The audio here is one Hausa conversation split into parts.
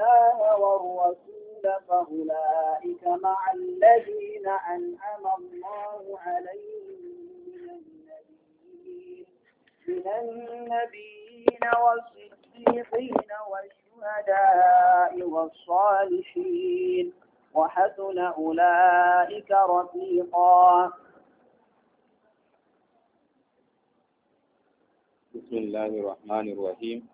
الله والرسول فأولئك مع الذين أنعم الله عليهم من النبيين والصديقين والشهداء والصالحين وحسن أولئك رفيقا بسم الله الرحمن الرحيم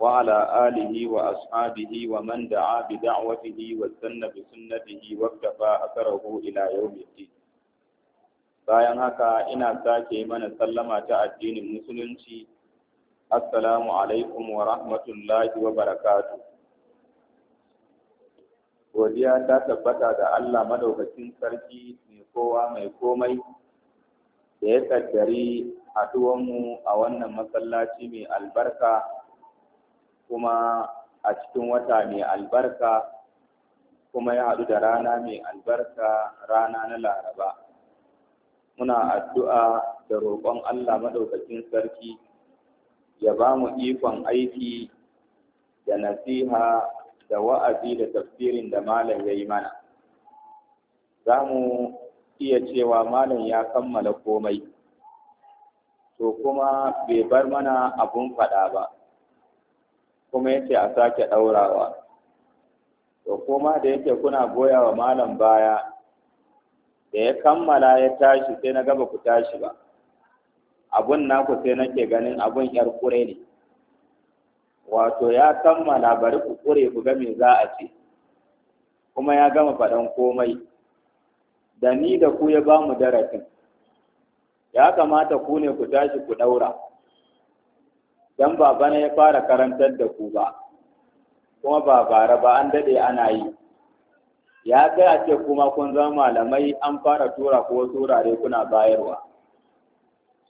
وعلى آله وأصحابه ومن دعا بدعوته واستنى بسنته واكتفى أثره إلى يوم الدين bayan haka ina sake mana sallama ta addinin musulunci assalamu alaikum wa rahmatullahi wa barakatu godiya ta tabbata da Allah madaukakin sarki mai kowa mai komai da ya kaddari haduwanmu a wannan masallaci mai albarka kuma a cikin wata mai albarka kuma ya haɗu da rana mai albarka rana na laraba muna addu'a da roƙon Allah maɗaukacin sarki ya ba mu ikon aiki da nasiha da wa'azi da tafsirin da malam ya yi mana za mu iya cewa malam ya kammala komai to kuma bai bar mana abun faɗa ba kuma yace a sake ɗaurawa to kuma da yake kuna goya wa malam baya da ya kammala ya tashi sai na gaba ku tashi ba abun naku sai nake ganin abun yar kure ne wato ya kammala bari ku kure ku ga me za a ce kuma ya gama faɗan komai da ni da ku ya ba mu darasin ya kamata ku ne ku tashi ku ɗaura dan babana ya fara karantar da ku ba kuma ba bara ba an daɗe ana yi ya kai a ce kuma kun zama malamai an fara tura ko wasu kuna bayarwa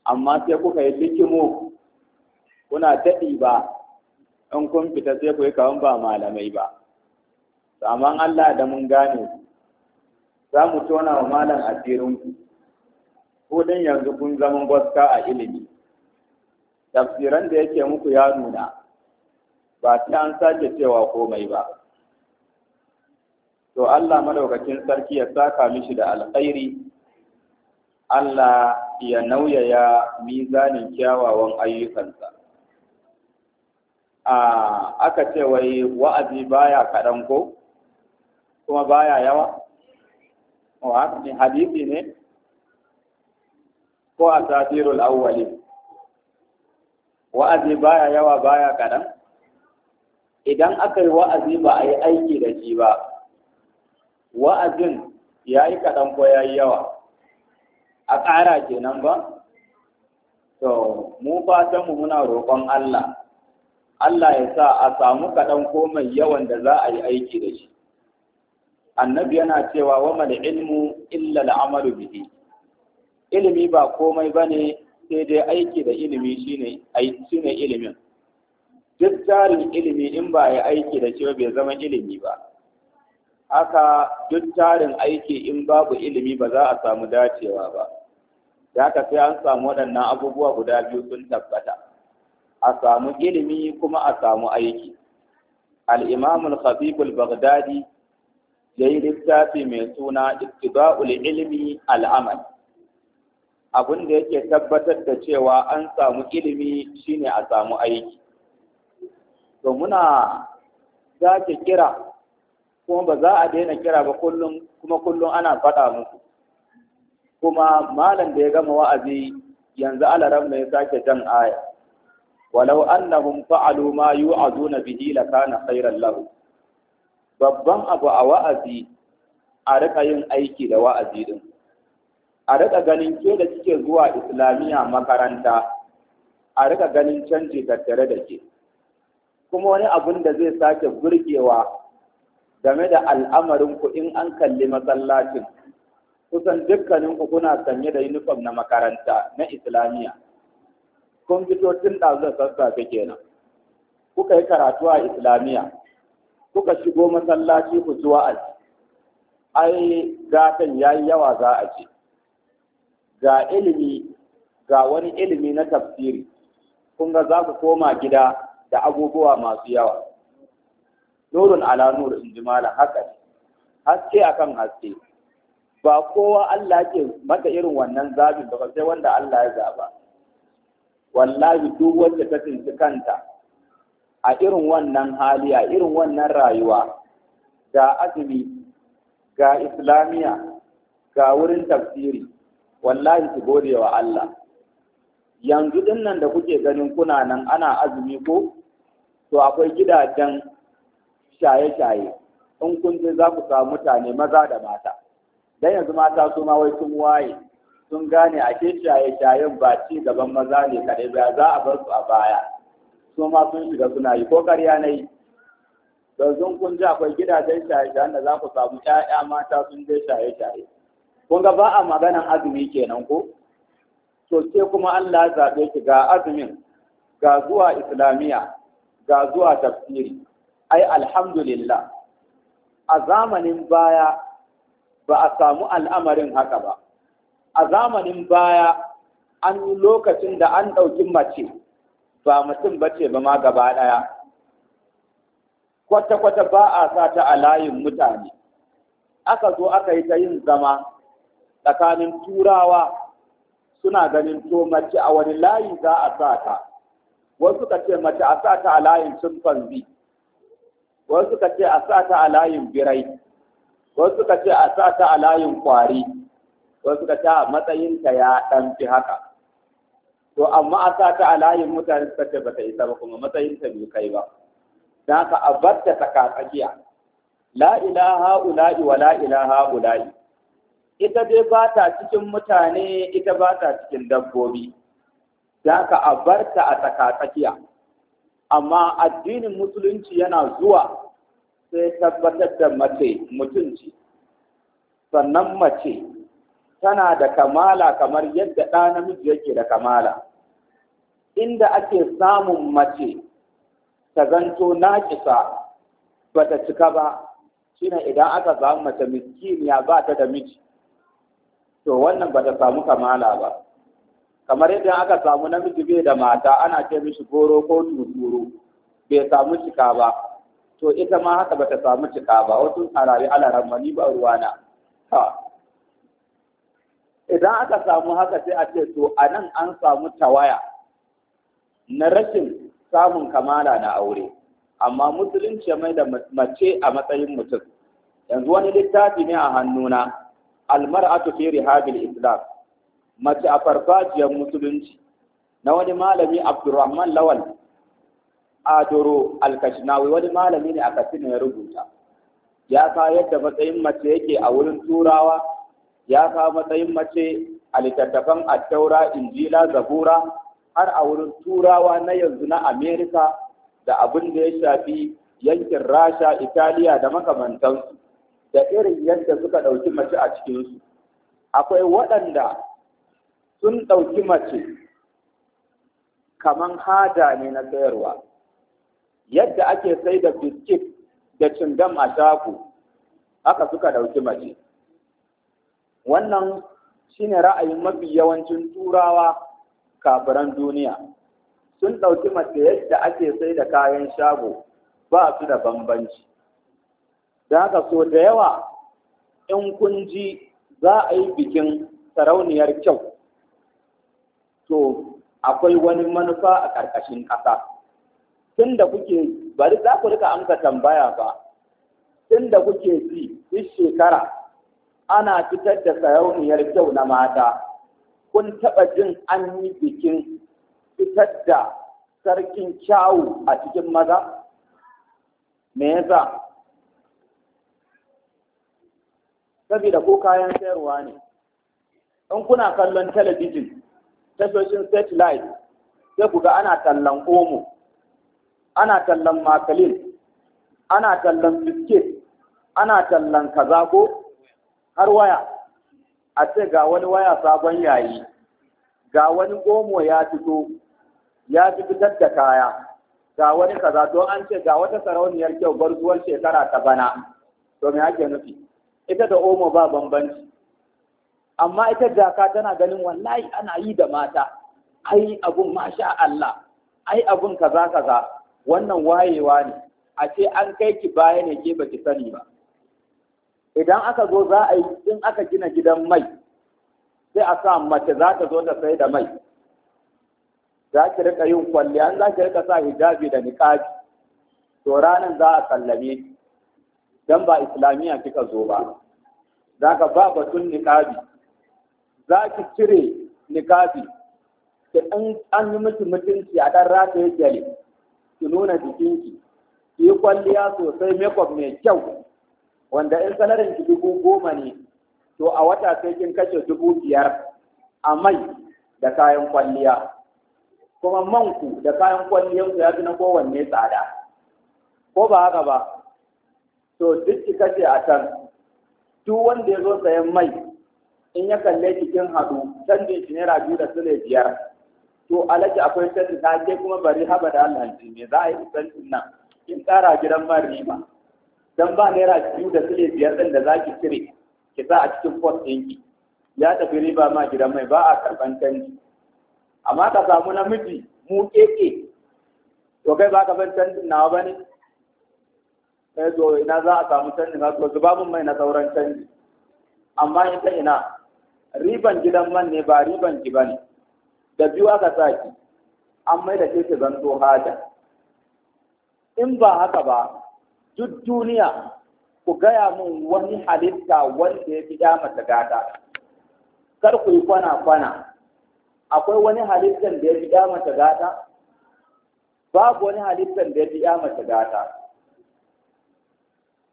amma sai kuka yi likimo kuna daɗi ba in kun fita sai ku yi kawan ba malamai ba saman Allah da mun gane za mu tona wa malam asirinku ko din yanzu kun zama boska a ilimi tafsiran da yake muku ya nuna ba ta an sake cewa komai ba to Allah madaukakin sarki ya saka mishi da alkhairi Allah ya nauyaya mizanin kyawawan ayyukansa a aka ce wai wa'azi baya kaɗan ko kuma baya yawa hadisi ne ko a tasirul awwali wa'azi baya yawa baya kaɗan idan aka yi wa'azi ba a yi aiki da shi ba wa'azin ya yi kaɗan ko ya yi yawa a ƙara ke nan ba to mu mu muna roƙon Allah Allah ya sa a samu kaɗan ko mai yawan da za a yi aiki da shi annabi yana cewa wa mal ilmu illa al'amalu bihi ilimi ba komai bane sai dai aiki da ilimi shine shine ilimin duk tarin ilimi in ba ya aiki da shi bai zama ilimi ba haka duk tarin aiki in babu ilimi ba za a samu dacewa ba da haka sai an samu waɗannan abubuwa guda biyu sun tabbata a samu ilimi kuma a samu aiki al-imam al-khatib al yayi littafi mai suna ittiba'ul ilmi al-amal abin da yake tabbatar da cewa an samu ilimi shine a samu aiki to muna zake kira kuma ba za a daina kira ba kullum kuma kullum ana faɗa muku kuma malam da ya gama wa'azi yanzu alaram mai ya sake jan aya walau annahum fa'alu ma yu'azuna bihi lakana khairan lahu babban abu a wa'azi a rika yin aiki da wa'azi din a rika ganin ke da kike zuwa islamiyya makaranta a rika ganin canji tattare da ke kuma wani abun da zai sake burgewa game da al'amarin ku in an kalli masallacin kusan dukkanin ku kuna sanye da uniform na makaranta na islamiyya kun fito tun ɗazun sassafe kenan kuka yi karatu a islamiyya kuka shigo masallaci ku zuwa wa'azi ai gatan yayi yawa za a ce ga ilimi ga wani ilimi na tafsiri kun ga za ku koma gida da abubuwa masu yawa nurun ala nur in ji malam haka haske akan haske ba kowa Allah ke mata irin wannan zabi ba sai wanda Allah ya zaba wallahi duk wanda ta tsinci kanta a irin wannan hali a irin wannan rayuwa ga azumi ga islamiyya, ga wurin tafsiri wallahi ki gode wa Allah yanzu din nan da kuke ganin kuna nan ana azumi ko to akwai gidajen shaye-shaye in kun je za ku samu mutane maza da mata dan yanzu mata su ma wai sun waye sun gane a ke shaye-shayen ba ci gaban maza ne kare ba za a bar su a baya su ma sun shiga suna yi ko karya na yi yanzu kun ji akwai gidajen shaye-shayen da za ku samu 'ya'ya mata sun je shaye-shaye Kunga ba a maganan azumi kenan ko to sai kuma Allah ya zabe ki ga azumin ga zuwa islamiyya, ga zuwa tafsiri ai alhamdulillah a zamanin baya ba a samu al'amarin haka ba a zamanin baya an lokacin da an ɗauki mace ba mutum bace ba ma gaba ɗaya kwata-kwata ba a sa ta a layin mutane aka zo aka yi ta yin zama tsakanin turawa suna ganin to mace a wani layi za a sa ta wasu ka ce mace a sa ta a layin chimpanzee wasu ka ce a sa ta a layin birai wasu ka ce a sa ta a layin kwari wasu ka ce a matsayin ta ya ɗan fi haka to amma a sa ta a layin mutane suka ce ba ta isa ba kuma matsayin ta bai kai ba don haka a bar ta tsakatsakiya la ilaha ula'i wa la ilaha ula'i ita dai ba ta cikin mutane ita ba ta cikin dabbobi da ka a barta a tsakatsakiya amma addinin musulunci yana zuwa sai tabbatar da mace mutunci sannan mace tana da kamala kamar yadda ɗa namiji yake da kamala inda ake samun mace ta zanto naƙisa ba ta cika ba shine idan aka zama mace miskiniya ba ta da miji to wannan ba ta samu kamala ba kamar yadda aka samu namiji bai da mata ana ce mishi goro ko tuturu bai samu cika ba to ita ma haka ba ta samu cika ba wasu harari ala ramani ba ruwana ha idan aka samu haka sai a ce to anan an samu tawaya na rashin samun kamala na aure amma musulunci mai da mace a matsayin mutum yanzu wani littafi ne a hannuna almar'atu fi Habil islam mace a farfajiyar musulunci na wani malami abdurrahman lawal adoro alkashinawi wani malami ne a katsina ya rubuta ya sa yadda matsayin mace yake a wurin turawa ya sa matsayin mace a littattafan attaura injila zabura har a wurin turawa na yanzu na amerika da abin da ya shafi yankin rasha italiya da makamantansu da irin yadda suka ɗauki mace a cikinsu akwai waɗanda sun ɗauki mace kaman hada ne na sayarwa yadda ake sai da biskit da cingam a shago haka suka ɗauki mace wannan shine ra'ayin mafi yawancin turawa kafiran duniya sun ɗauki mace yadda ake sai da kayan shago ba su da bambanci da haka so da yawa in kun ji za a yi bikin sarauniyar kyau to akwai wani manufa a ƙarƙashin ƙasa tun da kuke bari za ku rika amsa tambaya ba tun da kuke ji duk shekara ana fitar da sarauniyar kyau na mata kun taɓa jin an yi bikin fitar da sarkin kyawu a cikin maza me yasa saboda ko kayan sayarwa ne in kuna kallon talabijin tashoshin satellite sai ku ga ana tallan omo ana tallan makalin ana tallan biskit ana tallan ko har waya a ce ga wani waya sabon yayi ga wani omo ya fito ya fi fitar da kaya ga wani kaza don an ce ga wata sarauniyar kyau gwarzuwar shekara ta bana to me ake nufi ita da omo ba bambanci amma ita jaka tana ganin wallahi ana yi da mata ai abun masha Allah ai abun kaza kaza wannan wayewa ne a ce an kai ki baya ne ke baki sani ba idan aka zo za a yi in aka gina gidan mai sai a sa mace za ta zo ta sai da mai za ki rika yin kwalliya za ki rika sa hijabi da niqabi to ranan za a sallame ki dan ba islamiyya kika zo ba zaka ba batun niqabi zaki cire niqabi ki an an yi miki mutunci a ɗan rata ya gele ki nuna jikinki ki kwalliya sosai makeup mai kyau wanda in salarin ki dubu goma ne to a wata sai kin kashe dubu biyar a mai da kayan kwalliya kuma manku da kayan kwalliyanku ya fi na kowanne tsada ko ba haka ba to duk ki kace a can duk wanda ya zo sayan mai in ya kalle cikin haɗu canjin shi naira biyu da sule biyar to alaji akwai canji ta ke kuma bari haba da Allah ji me za a yi canjin nan in tsara gidan man riba dan ba naira biyu da sule biyar ɗin da za ki cire ki sa a cikin pot ki. ya tafi riba ma gidan mai ba a karɓan canji amma ka samu namiji mu keke to kai ba ka ban canjin nawa ba ne sai eh, ina za a samu canji haka wasu zuba mai na sauran canji amma ita ina riban gidan man ne ba riban ki bane da biyu aka saki an mai da ke ki zanto haja in ba haka ba duk duniya ku gaya mun wani halitta wanda ya fi da gata kar ku yi kwana-kwana akwai wani halittar da ya fi da gata babu wani halittar da ya fi da gata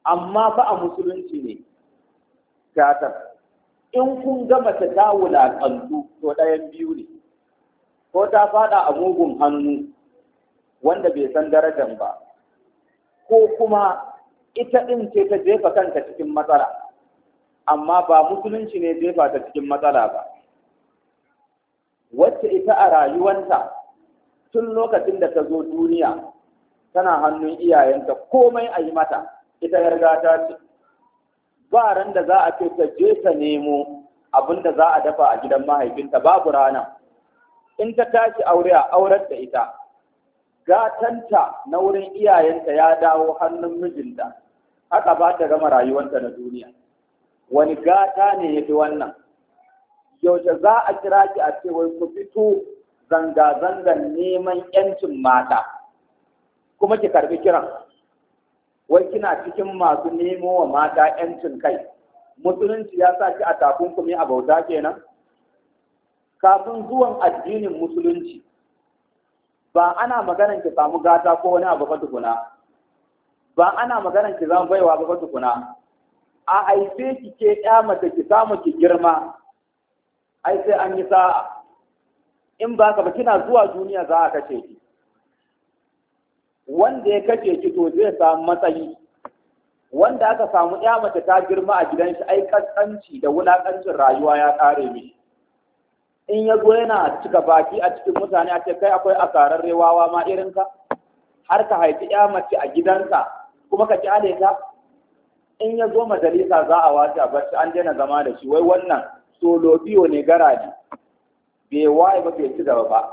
amma fa a musulunci ne gatar in kun gama ta ta wulaƙantu to ɗayan biyu ne ko ta faɗa a mugun hannu wanda bai san darajan ba ko kuma ita ɗin ce ta jefa kanta cikin matsala amma ba musulunci ne jefa ta cikin matsala ba wacce ita a rayuwanta tun lokacin da ta zo duniya tana hannun iyayenta komai a yi mata ita yar ce ba ran da za a ce ta je ta nemo abin da za a dafa a gidan mahaifinta babu rana in ta tashi aure a aurar da ita gatanta na wurin iyayenta ya dawo hannun mijinta haka ba ta gama rayuwanta na duniya wani gata ne ya fi wannan yaushe za a kira ki a ce wai ku fito zanga zangar neman 'yancin mata kuma ki karbi kiran wai kina cikin masu nemo wa mata ‘yancin kai, musulunci ya sa ki a takunkumi a bauta kenan? Kafin zuwan addinin musulunci, ba ana maganar ki samu gata ko wani abu ba tukuna, ba ana maganar ki zama baiwa ba tukuna, a haife ki ke mace ki samu ki girma, ai sai an yi sa'a, in ba ka ba kina zuwa duniya za a kashe ki. wanda ya kashe ki to zai samu matsayi wanda aka samu ya mace ta girma a gidan shi ai kaskanci da wulakancin rayuwa ya kare mishi in ya zo yana cika baki a cikin mutane a ce kai akwai asarar rewawa ma irin ka? har ka haifi ya mace a gidanka kuma ka kyale ta in ya zo majalisa za a wace a barci an daina zama da shi wai wannan solo biyo ne garaji bai waye ba bai ci gaba ba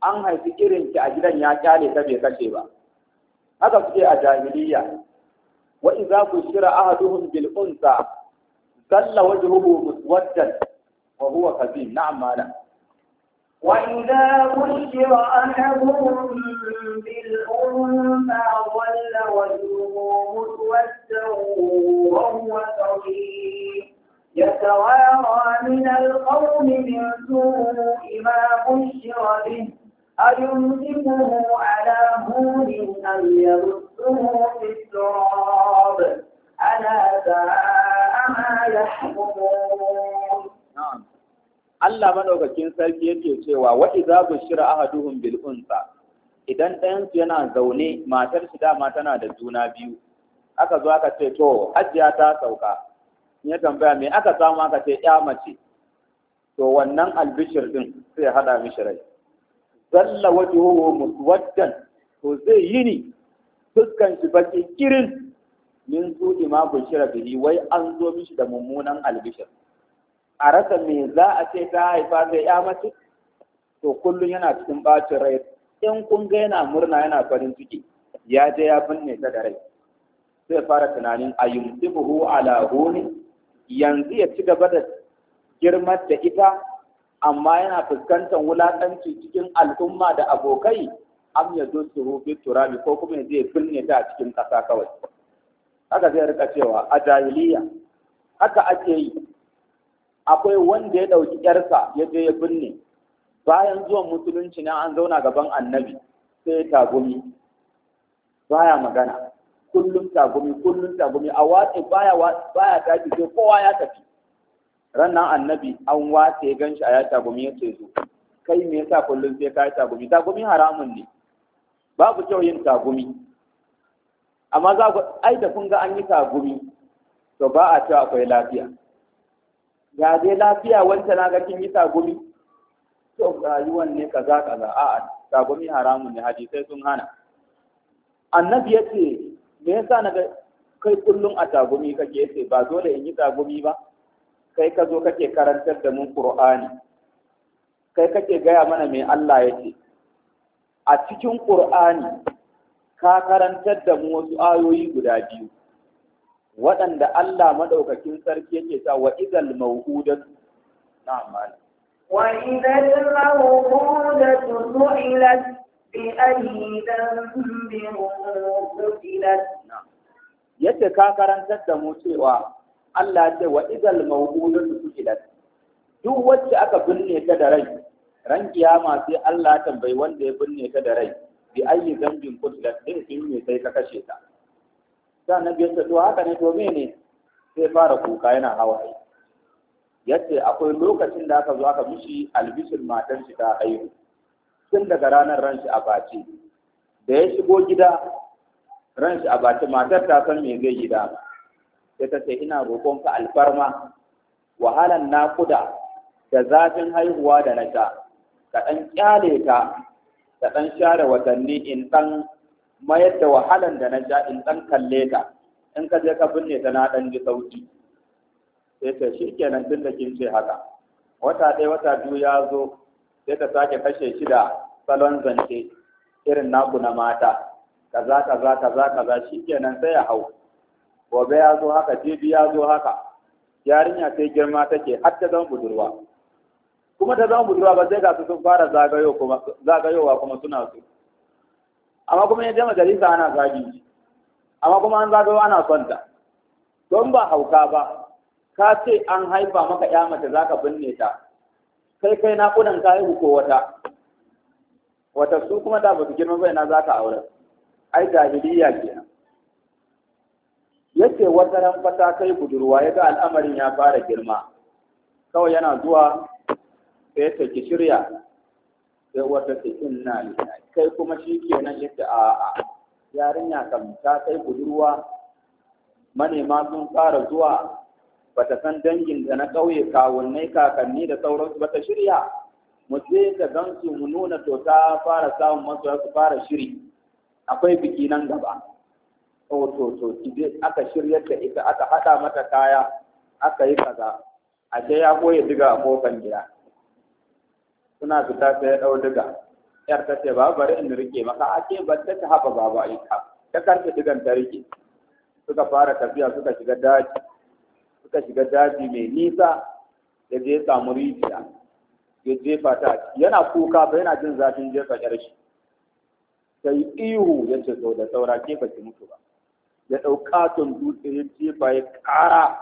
an haifi irin ki a gidan ya kyale ta bai kashe ba هذا في الجاهلية نعم، وإذا بشر أحدهم بالأنثى ظل وجهه مسودا وهو كذب نعم مالا وإذا بشر أحدهم بالأنثى ظل وجهه مسودا وهو كذب يتوارى من القوم من سوء ما بشر به أيمسكه على هون يرده في التراب ألا ساء ما يحكمون Allah madaukakin sarki yake cewa wa idza bushira ahaduhum bil unsa idan ɗayan yana zaune matar shi dama tana da juna biyu aka zo aka ce to hajjiya ta sauka ya tambaya me aka samu aka ce ya mace to wannan albishir din sai hada mishi rai zalla wajhuhu wajen to zai yi fuskan shi baki kirin min zo ma bushira biri wai an zo mishi da mummunan albishir a rasa me za a ce ta haifa zai ya mace to kullum yana cikin bacin rai in kun ga yana murna yana farin ciki ya je ya binne ta da rai zai fara tunanin a yumsibuhu ala huni yanzu ya ci gaba da girmar da ita amma yana fuskantar wulaƙanci cikin al'umma da abokai am ya su rufe turabi ko kuma zai binne ta a cikin ƙasa kawai haka zai rika cewa a jahiliya haka ake yi akwai wanda ya ɗauki ƴarsa ya je ya binne bayan zuwan musulunci na an zauna gaban annabi sai tagumi baya magana kullum tagumi kullum tagumi a watsi baya baya tafi sai kowa ya tafi rannan annabi an wace gan shi a ya tagumi ya ce zo kai me yasa kullum sai ka tagumi tagumi haramun ne babu kyau yin tagumi amma za ku ai da kun ga an yi tagumi to ba a cewa akwai lafiya ya dai lafiya wanda na ga kin yi tagumi to rayuwan ne kaza kaza a'a tagumi haramun ne hadisai sun hana annabi ya ce me yasa na kai kullum a tagumi kake yace ba dole in yi tagumi ba kai ka zo kake karantar da mu Qur'ani kai kake gaya mana mai Allah ya ce a cikin Qur'ani ka karantar da mu wasu ayoyi guda biyu waɗanda Allah madaukakin sarki yake sa wa idal mawhudat na'am wa idal mawhudat su'ilat bi ayyi bi qutilat yace ka karantar da mu cewa Allah ya ce wa idal mawudatu su'ilat duk wacce aka binne ta da rai ran kiyama sai Allah ya tambayi wanda ya binne ta da rai bi ayi zambin qutilat din din ne sai ka kashe ta sai na ce to haka ne to ne sai fara kuka yana hawaye yace akwai lokacin da aka zo aka mishi albishin matar shi ta haihu tun daga ranar ran shi a bace da ya shigo gida ran shi a bace matar ta san me zai yi ba sai ta ce ina ka alfarma wahalan naƙuda da zafin haihuwa da na sha ka ɗan ƙyale ta ka ɗan share watanni in ɗan mayar da wahalan da na sha in ɗan kalle ta in ka je ka binne ta na ɗan ji sauki sai ta shi kenan tun da kin ce haka wata ɗaya wata biyu ya zo sai ta sake kashe shi da salon zance irin naku na mata kaza kaza kaza kaza shi kenan sai ya hau gobe ya zo haka jibi ya zo haka yarinya sai girma take har ta zama budurwa kuma ta zama budurwa ba sai ga su sun fara zagayowa kuma suna so amma kuma ya je majalisa ana zagi amma kuma an zagayo ana son ta don ba hauka ba ka ce an haifa maka ya mace zaka binne ta kai kai na kudan ka haihu ko wata wata su kuma da ba su girma bai na zaka aure ai jahiliya kenan yace wata ran fata kai budurwa ya ga al'amarin ya fara girma kawai yana zuwa sai ta ki shirya sai wata ta inna kai kuma shi kenan yace a a yarinya kam ta kai budurwa manema sun fara zuwa bata san dangin da na ƙauye kawunnai kakanni da sauransu bata shirya mu je ka gansu mu nuna to ta fara samun masoya su fara shiri akwai biki nan gaba to to aka shiryar ta ita aka haɗa mata kaya aka yi kaza ashe ya koya diga a kofan gida suna fita sai ya dau diga yar ta ce ba bari in rike maka a ce ba ta ta haɓa baba a ka ta karfe digan ta rike suka fara tafiya suka shiga daji suka shiga daji mai nisa ya je samu rijiya ya jefa ta yana kuka ba yana jin zafin jefa ƙyar shi sai ihu ya ce da saura ke ba ki mutu ba ya tun dutse ya jefa ya ƙara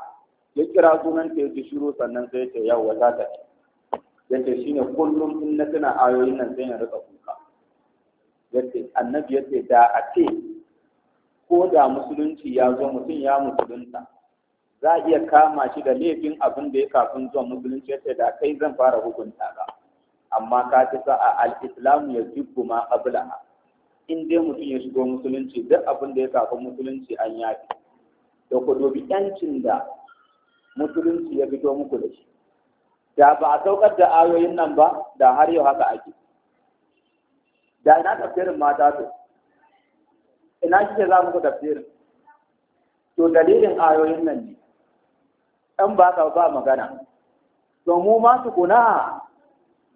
ya kira sunanta ya ji shiro sannan sai ta yawa za ta ce ya ce ne kullum in na tuna ayoyin nan sai ya rika kuka ya ce annabi ya ce da a ce ko da musulunci ya zo mutum ya musulunta za a iya kama shi da laifin abin da ya kafin zuwa musulunci ya ce da kai zan fara hukunta ka amma ka ci sa'a al-islamu ya jibbu ma qablaha in dai mutum ya shigo musulunci duk abin da ya kafa musulunci an yafi da ku dubi yancin da musulunci ya fito muku da shi da ba a saukar da ayoyin nan ba da har yau haka ake da ina tafsirin mata to ina kike za muku tafsirin to dalilin ayoyin nan ne ɗan ba ka ba magana to mu ma su kuna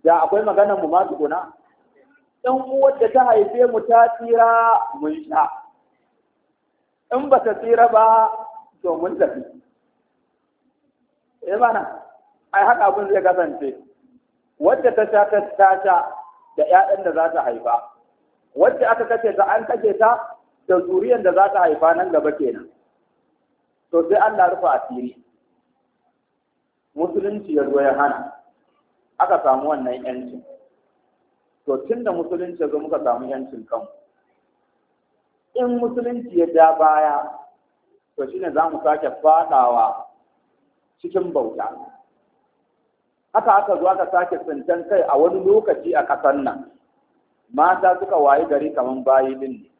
da akwai magana mu ma su kuna ɗan uwar da ta haife mu ta tsira mun sha in ba ta tsira ba to mun tafi eh mana ai haka abin zai kasance wadda ta sha ta sha da yayan da za ta haifa wadda aka kace ta an kace ta da zuriyan da za ta haifa nan gaba kenan to sai Allah rufa asiri musulunci ya zo ya hana aka samu wannan yancin to tun da musulunci zo muka samu yancin kan in musulunci ya ja baya to shine za mu sake fadawa cikin bauta haka aka zo aka sake tsintan kai a wani lokaci a ƙasar nan mata suka wayi gari kamar bayi din ne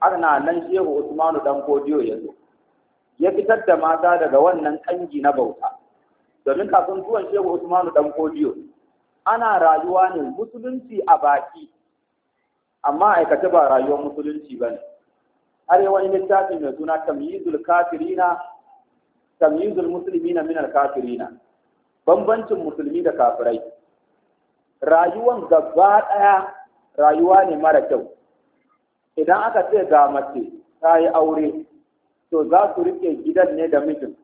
aka na nan shehu usmanu dan kodiyo ya zo ya fitar da mata daga wannan kangi na bauta domin kafin zuwan shehu usmanu dan kodiyo ana rayuwa ne musulunci a baki amma aikata ba rayuwar musulunci ba ne har yi wani littafi mai suna tamyizul kafirina tamyizul musulmi na minar kafirina bambancin musulmi da kafirai rayuwan gaba daya rayuwa ne mara kyau idan aka ce ga mace ta yi aure to za su rike gidan ne da mijin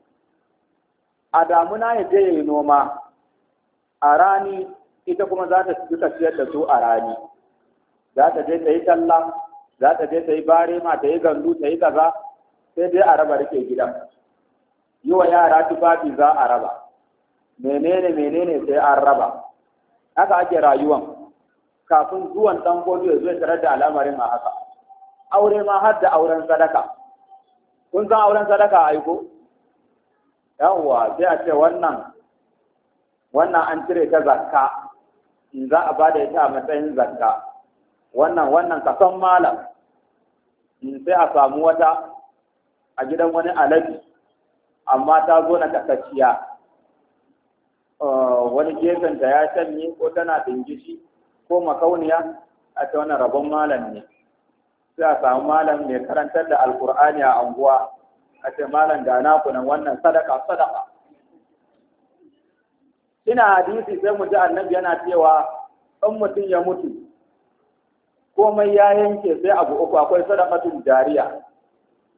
a damuna ya je ya yi noma a rani ita kuma za ta duka siyar da su a rani za ta je ta yi talla za ta je ta yi barema ta yi gandu ta yi kaza sai dai a raba rike gidan yi wa yara tufafi za a raba menene menene sai an raba haka ake rayuwan kafin zuwan dan ya zo tarar da al'amarin a haka aure ma har da auren sadaka kun san auren sadaka a aiko yawwa sai a ce wannan an cire ta zakka za a ba da ita a matsayin zakka wannan wannan kason malam sai a samu wata a gidan wani alabi amma ta zo na kasasciya eh, wani gefenta ya canye ko tana dingishi ko makauniya a ta wani rabon malam ne sai a samu malam mai karantar da alkur'ani a anguwa a ce malam ga naku nan wannan sadaka sadaka Ina hadisi sai mu ji annabi yana cewa in mutum ya mutu komai ya yanke sai abu uku akwai sadaqatul jariya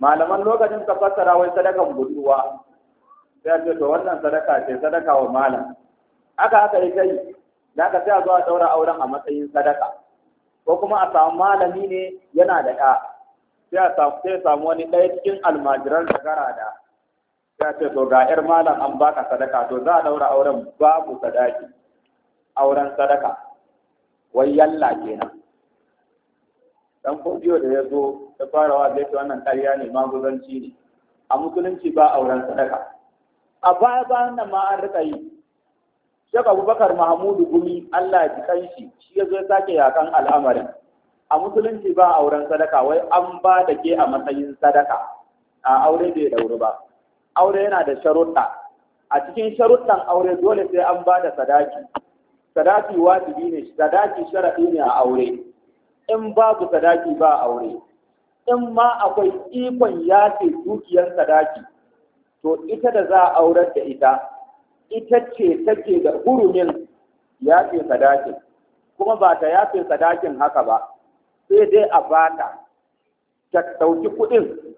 malaman lokacin ka fassara wai sadakan guduwa. sai ce to wannan sadaka ce sadaka wa malam aka aka yi kai da ka sai a zo a daura auren a matsayin sadaka ko kuma a samu malami ne yana da ɗa sai a samu wani ɗaya cikin almajiran da da ta ce to ga yar malam an baka sadaka to za a daura auren babu sadaki auren sadaka wai yalla kenan dan kodiyo da ya zo ta fara wa zai wannan ƙarya ne maguzanci ne a musulunci ba auren sadaka a baya bayan nan ma an rika yi Shek Abubakar Mahamudu Gumi Allah ya kan shi shi ya zo ya sake yakan al'amarin a musulunci ba auren sadaka wai an ba da ke a matsayin sadaka a aure bai dauri ba aure yana da sharuɗa a cikin sharuɗan aure dole sai an ba da sadaki sadaki wajibi ne sadaki sharaɗi ne a aure in babu sadaki ba aure in ma akwai ikon yafe dukiyar sadaki to ita da za a aurar da ita ita ce take da hurumin yafe sadakin kuma ba ta yafe sadakin haka ba sai dai a bata ta ɗauki kuɗin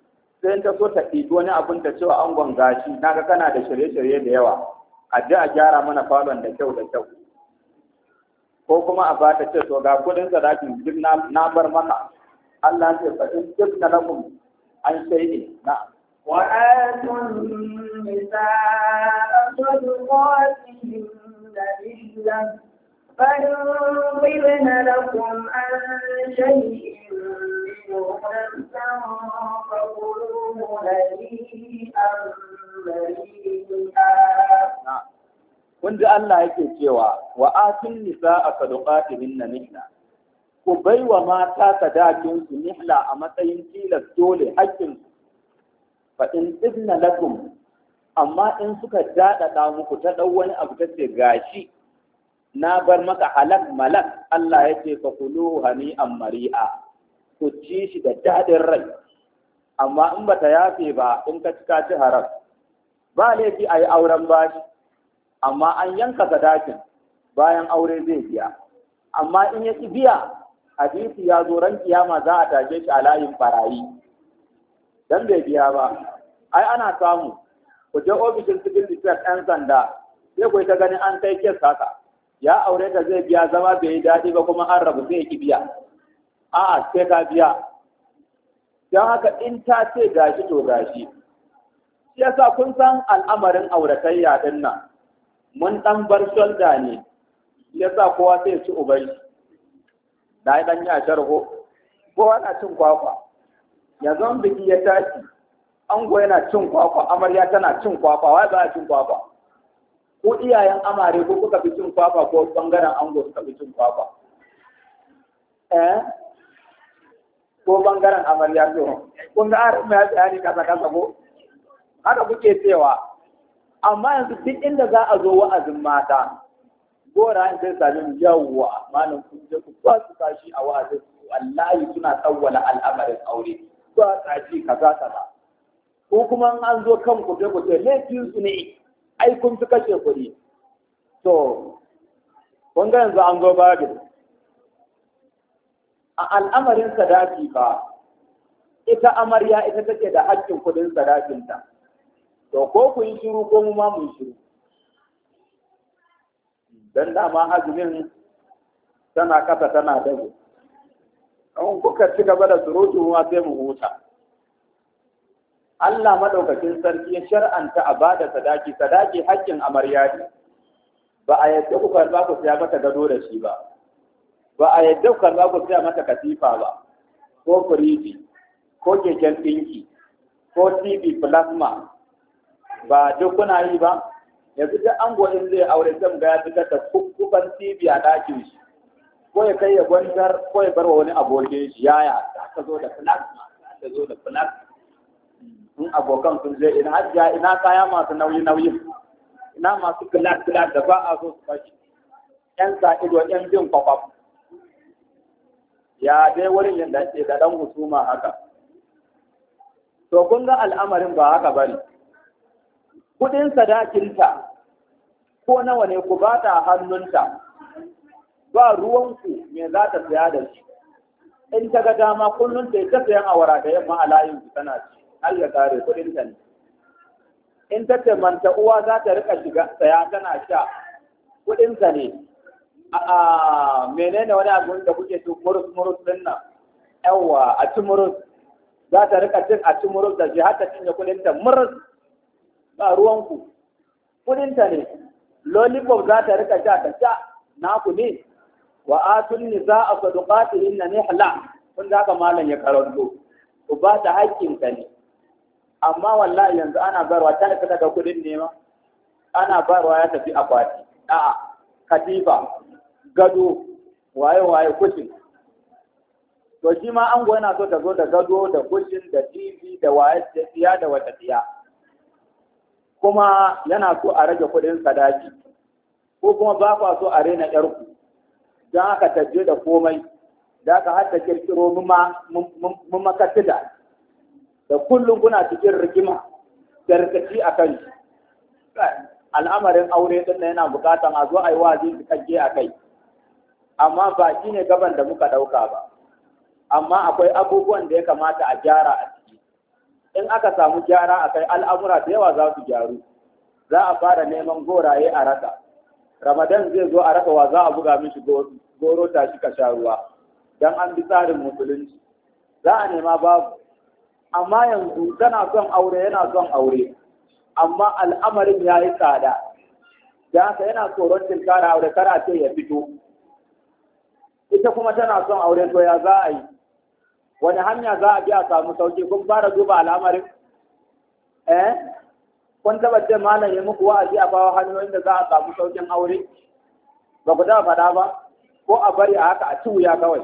sai ta so ta ɗibi wani abin da cewa an gwanga shi na ga kana da shirye-shirye da yawa a ji a gyara mana falon da kyau da kyau ko kuma a ba ta ce to ga kudin sadakin duk na bar maka Allah ce fa in duk na lakum an sai ne na wa atun nisaa sadqatihin illa fa in qilna lakum an shay'in نفسا Allah yake cewa wa atin nisa a ta na nihla ku bai wa mata sadakin su nihla a matsayin tilas dole hakkin fa in ibna lakum amma in suka daɗaɗa muku ta ɗau wani abu ta ce gashi na bar maka halak malak Allah yake fa kulu hani mari'a ku ci shi da daɗin rai amma in ba ta yafe ba in ka cika ci haram ba laifi a yi auren bashi amma an yanka sadakin bayan aure zai biya amma in ya ci biya hadisi ya zo ran kiyama za a tashe shi a layin barayi dan bai biya ba ai ana samu ku je ofishin civil defense ɗan sanda sai ku ta ganin an kai kes haka ya aure ta zai biya zama bai yi daɗi ba kuma an rabu zai ki biya a'a sai ka biya don haka in ta ce gashi to gashi shi yasa kun san al'amarin auratayya din nan mun dan bar shulda ne shi yasa kowa sai ci ubai da ya dan ya sharho kowa na cin kwakwa yanzu biki ya tashi ango yana cin kwakwa amarya tana cin kwakwa wai ba cin kwakwa ko iyayen amare ko kuka fi cin kwakwa ko bangaren ango suka fi cin kwakwa eh ko bangaren amarya to kun ga arzu ya tsari kasa kasa ko haka kuke cewa amma yanzu duk inda za a zo wa'azin mata gora in sai sami yawwa malam kun je ku ba su kashi a wa'azin wallahi suna tsawwala al'amarin aure ba kashi kaza kaza ko kuma an zo kan ku ku ce laifin su ne ai kun fi kashe kuɗi to kun ga yanzu an zo babin a al'amarin sadaki ba ita amarya ita take da haƙƙin kuɗin sadakinta to ko ku yi shiru ko mu ma mu shiru dan dama azumin tana kasa tana dago an kuka ci gaba da surutu ma sai mu huta Allah madaukakin sarki ya shar'anta a bada sadaki sadaki haƙƙin amarya ne ba a yadda ku karba ku siya mata gado da shi ba ba a yadda ku karba ku saya mata katifa ba ko firiji ko keken ɗinki ko tv plasma ba duk kuna yi ba yanzu duk an gwanin zai aure zan ga ya fitar da kukkukan tv a ɗakin shi ko ya kai ya gwantar ko ya bar wa wani abokin shi yaya ta zo da plasma ta zo da plasma in abokan sun je ina hajja ina kaya masu nauyi nauyi ina masu glass glass da ba a so su fashi yan sa ido yan bin kwakwaf ya dai wurin yin da ke da ɗan husuma haka to kun ga al'amarin ba haka ba ne kuɗin sadakinta ko nawa ne ku ba ta hannunta ba ruwanku me za ta saya da shi in ta ga dama kullum ta yi ta sayan awara da yamma a layin ku tana ci har ya kare kuɗin ta ne in ta taimanta uwa za ta rika shiga saya tana sha kuɗin ta ne a menene wani abin da kuke su murus murus din nan yawa a ci murus za ta rika cin a ci murus da shi har ta cinye kudin ta murus ba ruwanku kudin ta ne lollipop za ta rika ja ta ja ku ne wa atun nisaa ne hala? kun da ka malam ya karanto ku ba ta haƙƙin ka ne amma wallahi yanzu ana barwa ta da daga kudin nema ana barwa ya tafi akwati a'a katifa gado waye waye kushin to shi ma ango yana so ta zo da gado da kushin da tv da waye tsiya da wata tsiya kuma yana so a rage kuɗin sadaki ko kuma ba kwa so a rena 'yarku? don haka taje da komai da haka har ta kirkiro mun da kullum kuna cikin rigima da rikici a al'amarin aure din yana bukatan a zo a yi wazi cikakke a kai amma ba shi ne gaban da muka ɗauka ba amma akwai abubuwan da ya kamata a gyara a ciki in aka samu gyara akai al'amura da yawa za su gyaru za a fara neman goraye a raka. ramadan zai zo a raka wa za a buga mishi goro ta shi ka sha ruwa don an bi tsarin musulunci za a nema babu amma yanzu tana son aure yana son aure amma al'amarin ya yi tsada da haka yana tsoron tinkara aure kar a ce ya fito ita kuma tana son aure to ya za a yi wani hanya za a bi a samu sauki kun fara duba al'amarin eh kun taba ce malam ya muku wa'azi a bawa hanyoyin da za a samu saukin aure ba ku taba faɗa ba ko a bari a haka a ci wuya kawai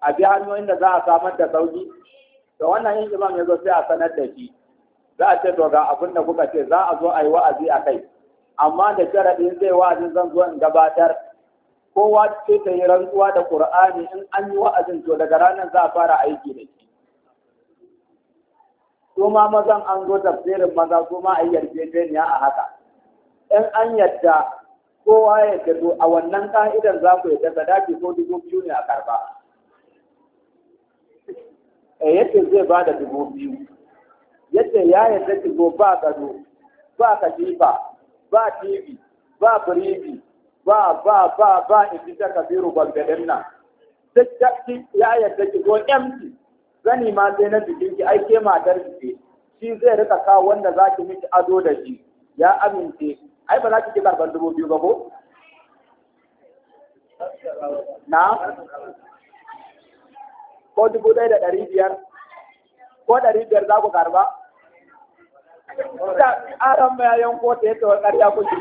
a bi hanyoyin da za a samar da sauki da wannan yin imam ya zo sai a sanar da shi za a ce to ga abin da kuka ce za a zo a yi wa'azi a kai amma da sharaɗin zai wa'azin zan zo in gabatar kowa ce ta yi rantsuwa da Qur'ani in an yi wa'azin to daga ranar za a fara aiki da shi. Kuma mazan an zo tafsirin maza kuma a yi yarjejeniya a haka. In an yadda kowa ya gado a wannan ka'idan za ku yadda sadaki ko dubu biyu ne a karba. E eh, yadda zai ba da dubu biyu. Yadda ya yadda ki zo ba gado, ba katifa, ba TV, ba biribi, ba ba ba ba in ji ta kabiru gwalgadin nan duk ki ya yarda ki zo empty zani ma sai na jikin ki ai ke matar ki ce shi zai rika kawo wanda za ki miki ado da shi ya amince ai ba za ki ki karban dubu biyu ba ko na ko dubu ɗaya da ɗari biyar ko ɗari biyar za ku karba ta aron bayan ko ta yadda wa ƙarya kuke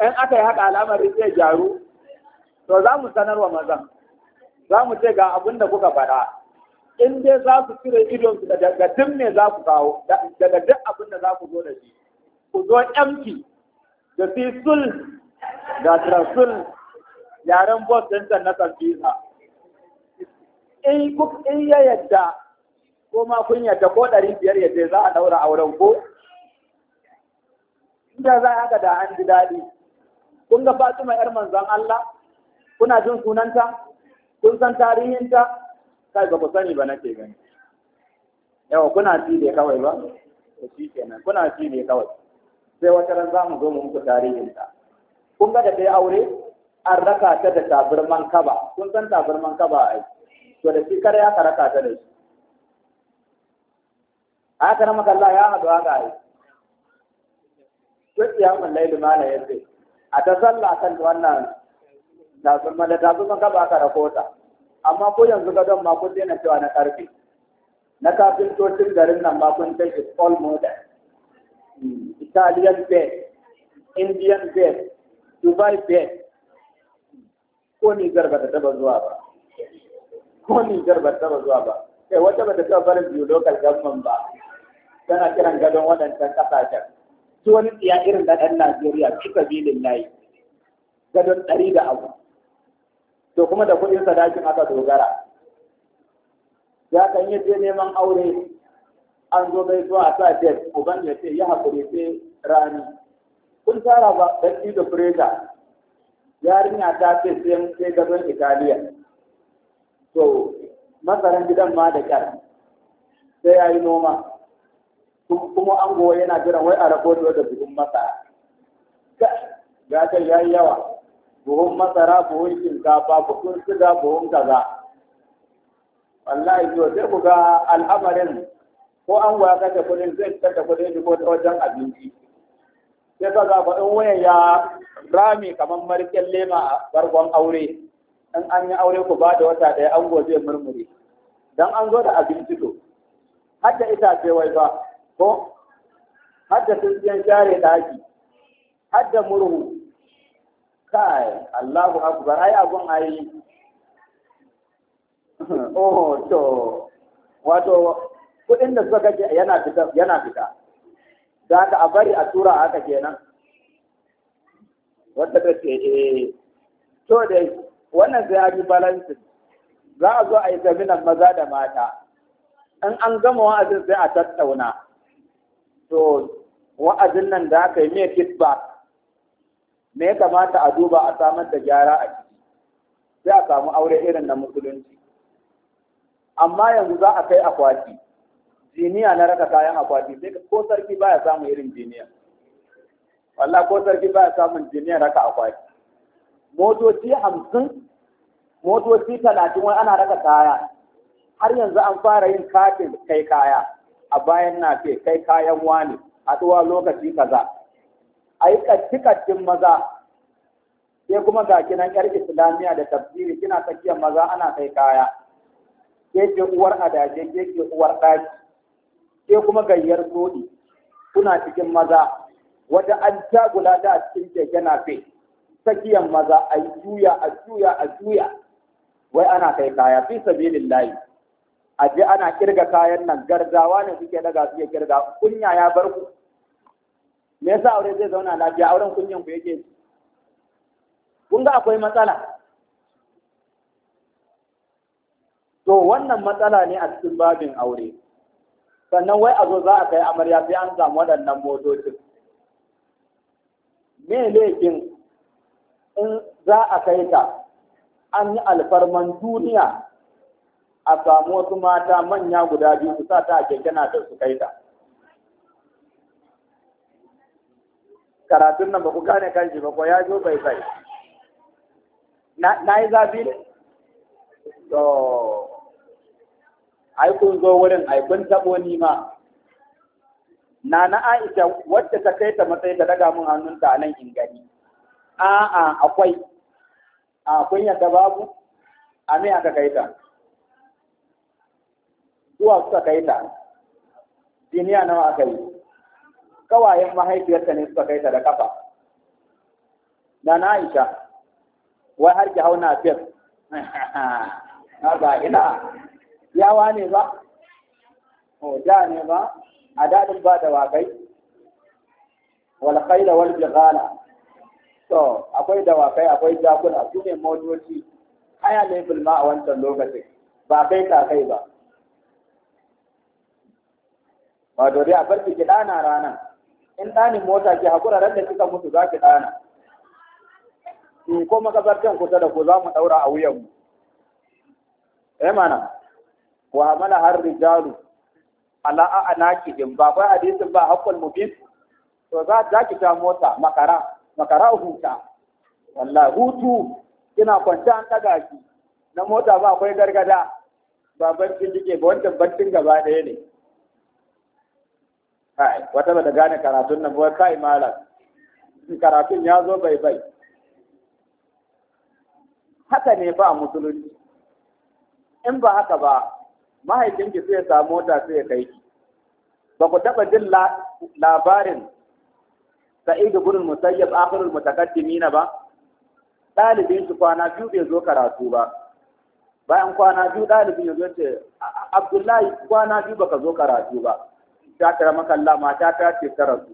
in aka yi haka alamarin zai gyaru to za mu wa mazan za mu ce ga abin da kuka faɗa in dai za su cire idon su daga duk me za ku kawo daga duk abin da za ku zo da shi ku zo ɗanki da fi sul da trasul yaren bos ɗin na sanfisa in ya yadda ko ma kun yadda ko ɗari biyar yadda za a ɗaura auren ko inda za a haka da an ji daɗi kun ga Fatima ‘yar manzan Allah, kuna jin sunanta, kun san tarihinta, kai ba ku sani ba nake gani. Yawa kuna ci ne kawai ba, da shi kenan, kuna ci ne kawai. Sai wata ran za mu zo mu muku tarihinta. Kun ga da dai aure, an raka ta da taburman kaba, kun san taburman kaba a yi, to da shi ya aka raka ta da shi. Aka na makalla ya haɗu aka yi. ya mun lailu mana ya a ta sallah kan wannan tabarma da tabarma ka ba ka rahota amma ko yanzu ga don makon kun daina cewa na karfi na kafin tocin garin nan makon zai kai is all modern hmm, Italian bed, Indian bed, Dubai bed, ko ni garba ta taba zuwa ba, ko ni garba ta taba zuwa ba, kai eh, wata ba ta taba barin biyu local government ba, tana kiran gadon waɗancan ƙasashen. su wani tsiya irin da ɗan Najeriya fi sabilin layi gadon ɗari da abu to kuma da kuɗin sadakin aka dogara ya kan yi je neman aure an zo bai zuwa a sa det uban ya ce ya haƙuri sai rani kun tara ba ɗan da fureta yarinya ta ce sai sai gadon Italiya to masaran gidan ma da ƙyar sai ya yi noma kuma an gowa yana jiran wai a rahoto da buhun masara Ga ya yi yawa buhun masara buhun shinkafa buhun siga buhun kaza wallahi to sai ku ga al'amarin ko an goya kashe kudin zai kashe kudin shi ko ta wajen abinci sai ka ga in wayan ya rami kamar marken lema a barkon aure in an yi aure ku ba da wata ɗaya an zai murmure dan an zo da abinci to Hadda ita itace wai ba ko hadda tsintsiyan share daki hadda murhu kai Allahu akbar ai abun ayi oh to wato kudin da suka ce yana fita yana fita da aka a bari a tura haka kenan wanda ta ce eh to dai wannan sai abi balance za a zo a yi zaminan maza da mata in an gama wa'azin sai a tattauna to wa'azin nan da aka yi mai feedback me ya kamata a duba a samar da gyara a ciki sai a samu aure irin na musulunci amma yanzu za a kai akwati jiniya na raka kayan akwati sai ko sarki baya samun irin jiniya wallahi ko sarki baya samun jiniya raka akwati motoci hamsin motoci talatin wai ana raka kaya har yanzu an fara yin katin kai kaya a bayan na ce kai kayan wani haɗuwa lokaci kaza a yi kattikattin maza sai kuma ga kinan yar islamiyya da tafsiri kina tsakiyar maza ana kai kaya ke ke uwar adaje ke ke uwar ɗaki ke kuma gayyar soɗi kuna cikin maza wata an tagula ta a cikin keke na fe tsakiyar maza a juya a juya a juya wai ana kai kaya fi sabilillahi a ji ana kirga kayan nan gargawa ne suke daga suke kirga kunya ya bar ku me yasa aure zai zauna lafiya auren kunyan ku yake kun ga akwai matsala to wannan matsala ne a cikin babin aure sannan wai a zo za a kai amarya sai an samu waɗannan motocin me laifin in za a kai ta an yi alfarman duniya a samu wasu mata manya guda biyu su sa ta a keke na su kai ta karatun nan ba ku gane kan ba ko ya zo bai sai na yi zafi ne to ai zo wurin ai kun tabo ni ma na na Aisha wacce ta kai ta matsayi ta daga mun hannunta a nan in gani a'a akwai a kun yadda babu a me aka kai ta zuwa suka kai ta jiniya nawa aka yi kawayen mahaifiyarta ne suka kai ta da kafa da na aisha wai har ki hauna Na ba ina yawa ne ba o da ne ba a daɗin ba da wakai wal da wal jihala to akwai da wakai, akwai jakuna su ne motoci haya ne bulma a wancan lokacin ba kai ta kai ba wato dai a barki ki ɗana ranan in ɗanin mota ki haƙura ran da kika mutu za ki ɗana in ko makabartan kusa da ku za mu ɗaura a mu? eh mana wa amala har rijalu ala din ba kai hadisin ba haqqul mubin to za za ki ta mota makara makara huta wallahi hutu kina kwanta an daga ki na mota ba akwai gargada ba barci kike ba wancan barcin gaba ɗaya ne kai wata ba gane karatun nan ba kai malam karatun ya zo bai bai haka ne ba musulunci in ba haka ba mahaifinki sai ya samu wata sai ya kai ba ku taɓa jin labarin gudun sa'id ibn musayyab akhirul mutaqaddimina ba ɗalibin su kwana biyu bai zo karatu ba bayan kwana biyu ɗalibin ya zo ce abdullahi kwana biyu baka zo karatu ba ta tara maka Allah mata ta ce ta rasu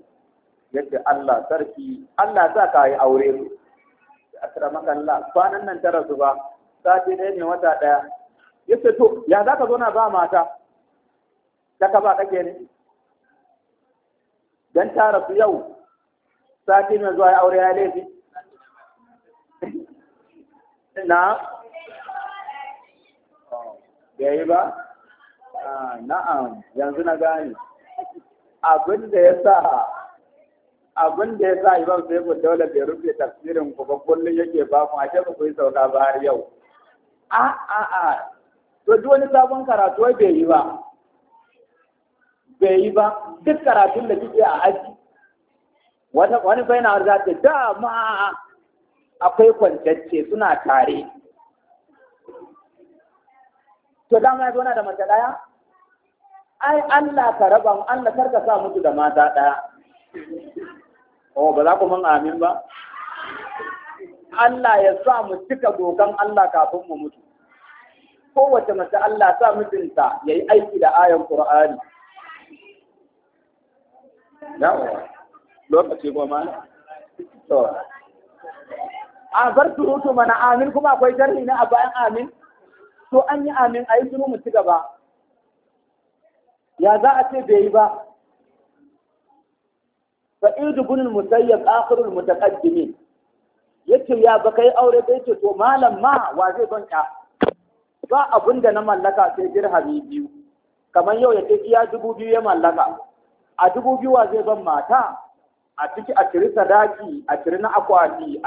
yadda Allah sarki Allah sa ka yi aure su ta tara maka Allah kwanan nan ta rasu ba sati ɗaya ne wata ɗaya yace to ya zaka zo na ba mata ta ka ba kake ne dan ta rasu yau sati mai zuwa ya aure ya laifi na oh, bai yi ba ah, na'am yanzu na gane abinda da ya sa abin da ya sa Imam Sayyid daula bai rufe tafsirin ku ba kullum yake ba mu ashe ku yi sauka ba har yau a a a to duk wani sabon karatu bai yi ba bai yi ba duk karatun da kike a aji wani wani na za ta dama akwai kwantacce suna tare to dama ya zo na da mace daya ai Allah ka raba mu Allah kar ka sa mutu da mata ɗaya oh ba za ku mun amin ba Allah ya sa mu cika dokan Allah kafin mu mutu kowace mace Allah sa mutunta ya yi aiki da ayan Qur'ani yawa lokaci goma to a bar surutu mana amin kuma akwai sharri na a bayan amin to an yi amin a yi mu ci gaba ya za a ce bai yi ba sa'idu bin musayyab akhirul mutaqaddimi yace ya ba kai aure bai ce to malam ma wa zai banka ba abunda na mallaka sai dirhami biyu kamar yau ya iya dubu biyu ya mallaka a dubu biyu wa zai ban mata a ciki a tiri sadaki a tiri na akwati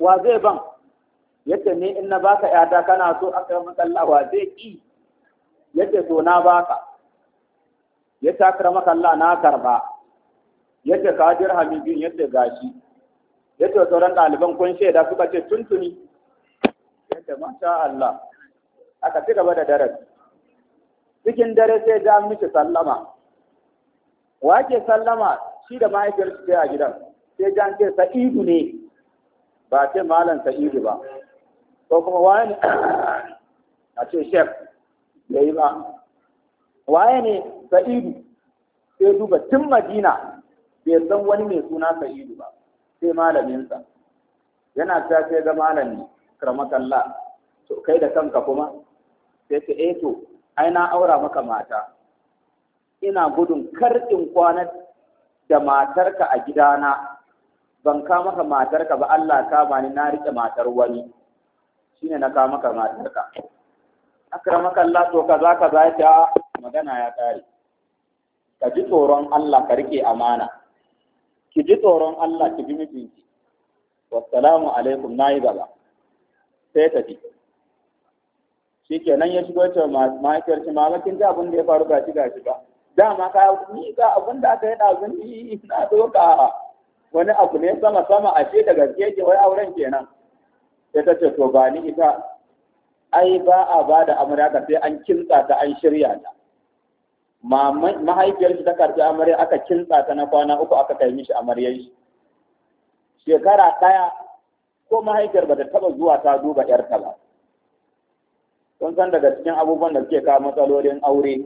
wa zai ban yace ne in na baka yata kana so aka yi Allah wa zai ki yace to na baka ya ce akramaka Allah na karba yadda ka dirhami biyu yadda gashi yadda sauran ɗaliban kun shaida suka ce tuntuni yadda masha Allah aka ci gaba da darasi cikin dare sai ja miki sallama Wa ke sallama shi da mahaifiyar shi a gidan sai ja ce sa'idu ne ba ce malam sa'idu ba ko kuma waye ne a ce shek ya yi ba waye ne sa'idu sai duba tun madina bai san wani mai suna sa'idu ba sai malaminsa yana ta sai ga malami karmakalla to kai da kanka kuma sai ta eh ai na aura maka mata ina gudun kar in kwana da matarka a gidana ban ka maka matarka ba Allah ka bani na rike matar wani shine na ka maka matarka akramaka Allah to kaza kaza ta magana ya kare ka ji tsoron Allah ka rike amana ki ji tsoron Allah ki bi mijinki wassalamu alaikum nayi gaba sai ta tafi shikenan ya shigo ta mahaifiyar shi ma kin ji abin da ya faru ga shi ba dama ka ni ga abin da aka yi dazun ni na doka wani abu ne sama sama ashe da gaske ke wai auren kenan sai ta ce to ba ni ita ai ba a ba da amurka sai an kintsa ta an shirya ta mahaifiyar ta karfi amarya aka kintsa ta na kwana uku aka kai mishi amaryar shi shekara ɗaya ko mahaifiyar ba ta taɓa zuwa ta duba ‘yarta ba kun san daga cikin abubuwan da suke kawo matsalolin aure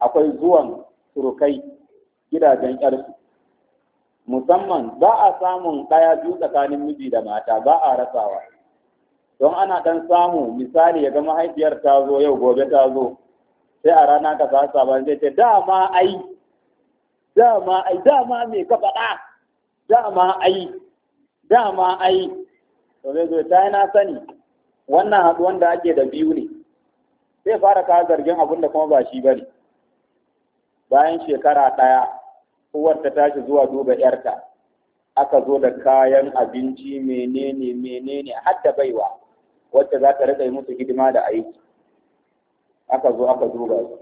akwai zuwan surukai gidajen ‘yarsu musamman ba a samun ɗaya biyu tsakanin miji da mata ba a rasawa don ana ɗan samu misali ya ga mahaifiyar ta zo yau gobe ta zo sai a rana ka za sabani zai ce dama ai dama ai dama me ka faɗa dama ai dama ai to zai zo ta na sani wannan haɗuwan da ake da biyu ne sai fara kawo zargin abin da kuma ba shi bari bayan shekara ɗaya uwar ta tashi zuwa duba yarta aka zo da kayan abinci menene menene har baiwa wacce za ta rika yi musu hidima da aiki aka zo aka duba su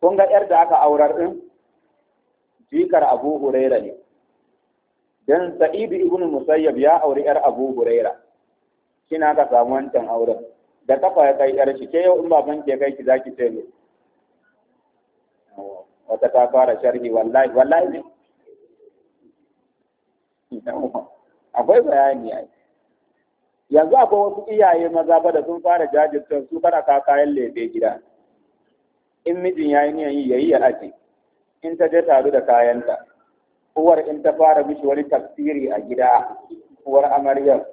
kun ga yar da aka aurar din jikar abu huraira ne dan sa'idu ibn musayyab ya auri yar abu huraira shi na ka samu wancan auren da kafa ya kai yar shi ke yau in baban ke kai ki zaki ce ne wata ta fara sharhi wallahi wallahi akwai bayani ai yanzu akwai wasu iyaye maza ba da sun fara jajirtar su kana ka kayan lebe gida in mijin ya yi niyan yi ya yi ya ake in ta je taru da kayanta uwar in ta fara mishi wani tafsiri a gida uwar amaryar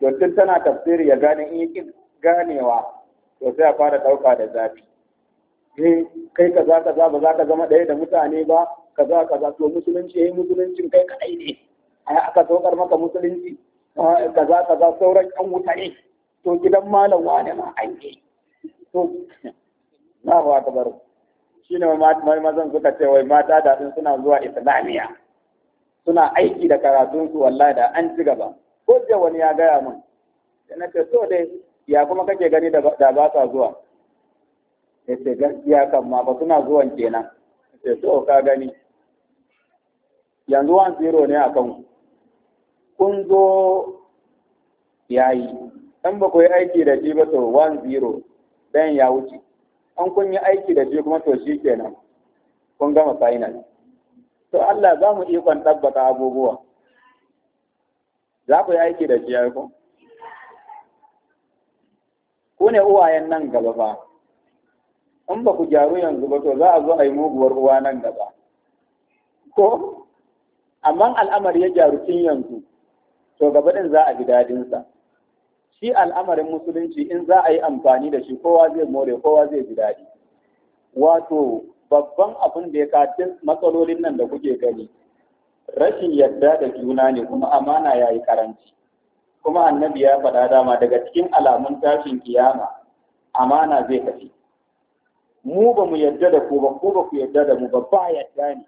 domin tana tafsiri ya gane in yi ganewa to sai a fara ɗauka da zafi eh kai ka za ba za ka zama ɗaya da mutane ba kaza kaza to musulunci ya eh, yi musuluncin kai kaɗai ne yi aka saukar maka musulunci kaza kaza sauran yan mutane to gidan malam wane ma an yi to na ba ta baro shi ne mazan suka ce wai mata da sun suna zuwa Islamiya? suna aiki da karatunsu wallahi da an ci gaba ko je wani ya gaya min da na ce so dai ya kuma kake gani da ba sa zuwa ya ce gaskiya kan ma ba suna zuwan kenan ya ce so ka gani yanzu wan zero ne a kanku kun zo ya yi ɗan ba ku yi aiki da shi ba to 1-0 ɗayan ya wuce an kun yi aiki da shi kuma to shi kenan kun gama final to Allah za mu ikon tabbata abubuwa za ku yi aiki da shi ya ku ku ne uwayen nan gaba ba in ba ku gyaru yanzu ba to za a zo a yi muguwar uwa nan gaba ko amma al'amari ya gyaru tun yanzu to gaba din za a ji dadinsa shi al'amarin musulunci in za a yi amfani da shi kowa zai more kowa zai ji daɗi wato babban abin da ya katin matsalolin nan da kuke gani rashin yadda da juna ne kuma amana ya yi karanci kuma annabi ya faɗa dama daga cikin alamun tashin kiyama amana zai kafi mu ba mu yadda da ku ba ku ba ku yadda da mu ba ba yadda ne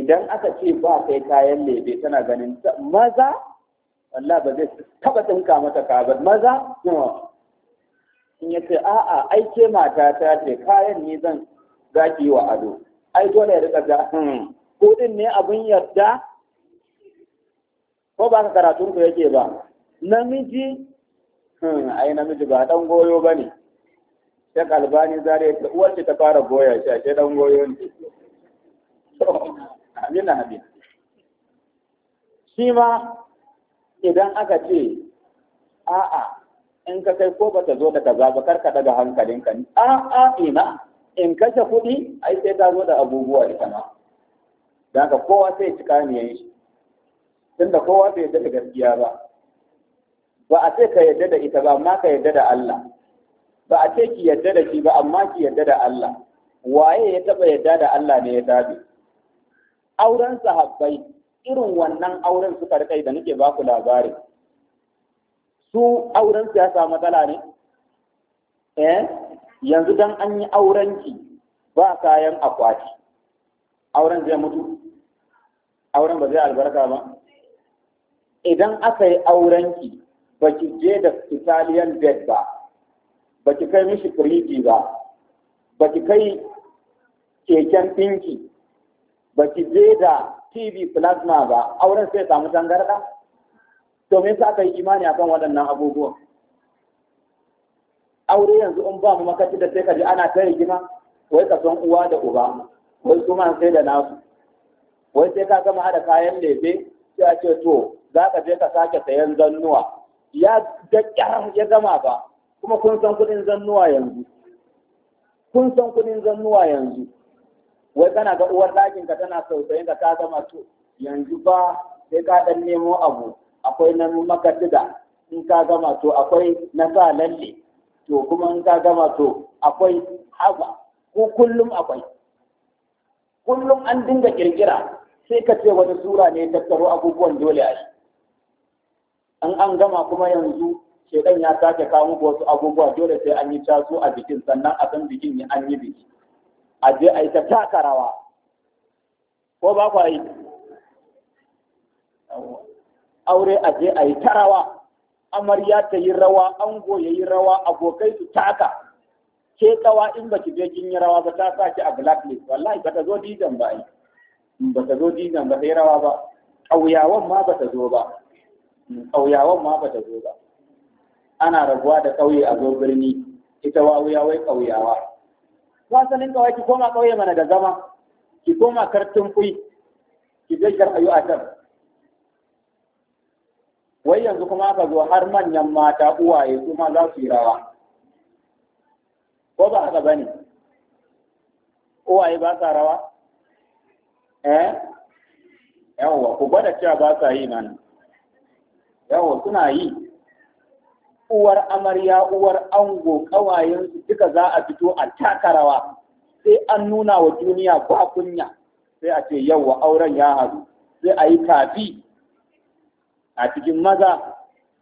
idan aka ce ba kai kayan lebe tana ganin maza wallah ba zai taba tinka mata kaya ba maza in ya ce a'a ai ke mata ta ce kayan ne zan zaki wa ado ai dole ya rika hmm, ko din ne abun yarda ko ba ka karatun ku yake ba namiji hmm, ai namiji ba dan goyo ba ne kalbani albani ta uwarci ta fara goya shi a dan goyo ne amina habib shi ma idan aka ce a'a in ka kai ko ba ta zo da kaza ba kar ka daga hankalinka ni a'a ina in kashe kuɗi ai sai ta zo da abubuwa ita ma da haka kowa sai cika ne shi tunda kowa bai yarda da gaskiya ba ba a ce ka yadda da ita ba amma ka yadda da Allah ba a ce ki yadda da shi ba amma ki yadda da Allah waye ya taɓa yadda da Allah ne ya tabi auren sahabbai irin wannan auren suka rikai da nake baku labari su auren su ya samu matsala ne eh yanzu dan an yi aurenki ba kayan akwati auren zai mutu auren ba zai albarka ba idan aka yi aurenki ba ki je da italian bed ba ba ki kai mishi firiji ba ba ki kai keken ɗinki Baki je da tv plasma ba auren sai samu tangarda to me yasa aka yi imani akan waɗannan abubuwan aure yanzu in ba mu makaci da sai ka ji ana ta rigima wai ka san uwa da uba wai kuma sai da nasu wai sai ka gama hada kayan lefe sai a ce to za ka je ka sake sayan zannuwa ya da ya gama ba kuma kun san kuɗin zannuwa yanzu kun san kuɗin zannuwa yanzu wai kana ga uwar ɗakin ka tana sautayin ka ta gama to yanzu fa sai ka ɗan nemo abu akwai na maka in ka gama to akwai na sa lalle to kuma in ka gama to akwai haba ko kullum akwai kullum an dinga kirkira sai ka ce wani sura ne tattaro abubuwan dole a yi an an gama kuma yanzu shedan ya sake kawo wasu abubuwa dole sai an yi taso a bikin sannan a san bikin ne an yi biki a je a yi ta taka rawa ko ba kwa yi aure a je a yi ta rawa amarya ta yi rawa ango ya yi rawa abokai su taka ke kawa in ba ki je kin yi rawa ba ta sa ki a blacklist wallahi ba ta zo dizan ba ai ba ta zo dizan ba sai rawa ba ƙauyawan ma ba ta zo ba ƙauyawan ma ba ta zo ba ana rabuwa da ƙauye a zo birni ita wawuya wai ƙauyawa wasanin kawai ki koma ƙauye mana da zama ki koma kartun kui ki je ayu a can wai yanzu kuma aka zo har manyan mata uwaye kuma za su yi rawa ko ba haka bane uwaye ba sa rawa eh yawwa ku gwada cewa ba sa yi nan yawwa suna yi uwar amarya uwar ango ƙawayensu duka za a fito a taka rawa sai an nuna wa duniya ba kunya sai a ce wa auren ya haɗu sai a yi tafi a cikin maza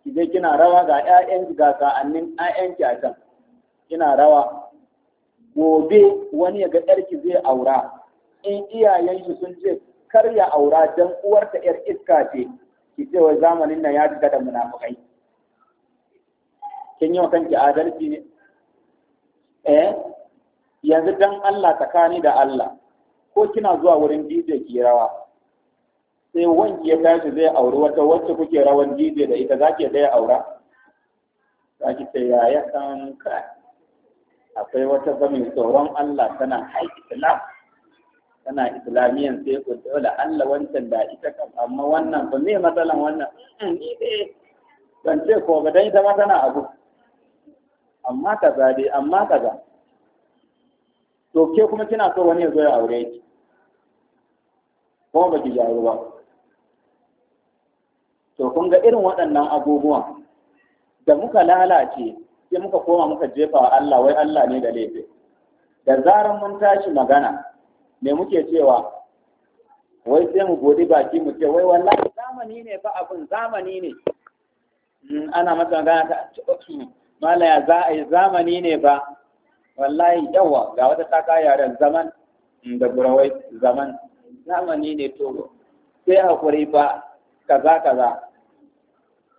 ki je kina rawa ga 'ya'yanki ga sa'annin 'ya'yanki a can kina rawa gobe wani ya ga yarki zai aura in iyayen sun ce karya aura dan uwarta yar iska ce ki ce wa zamanin nan ya riga da munafukai kin yi wa kanki adalci ne eh yanzu dan Allah tsakani da Allah ko kina zuwa wurin DJ ki rawa sai wanki ya tashi zai auri wata wacce kuke rawan DJ da ita zaki ya ya aura zaki ce ya ya san ka akwai wata ba mai tsoron Allah tana haiki islam tana islamiyan sai ku dole Allah wancan da ita kam amma wannan ba me matsalan wannan mm, ni dai ban ce ko ba dan ita ma tana abu amma kaza dai amma kaza to ke kuma kina so wani ya zo ya aure ki kuma baki jaru ba to kun ga irin waɗannan abubuwan da muka lalace sai muka koma muka jefa wa Allah wai Allah ne da laifi da zaran mun tashi magana me muke cewa wai sai mu godi baki mu ce wai wallahi zamani ne fa abin zamani ne hmm, ana masa magana ta mala za a yi zamani ne ba wallahi yawa ga wata taka yaren zaman mm, da burawai zaman zamani ne to sai hakuri ba kaza kaza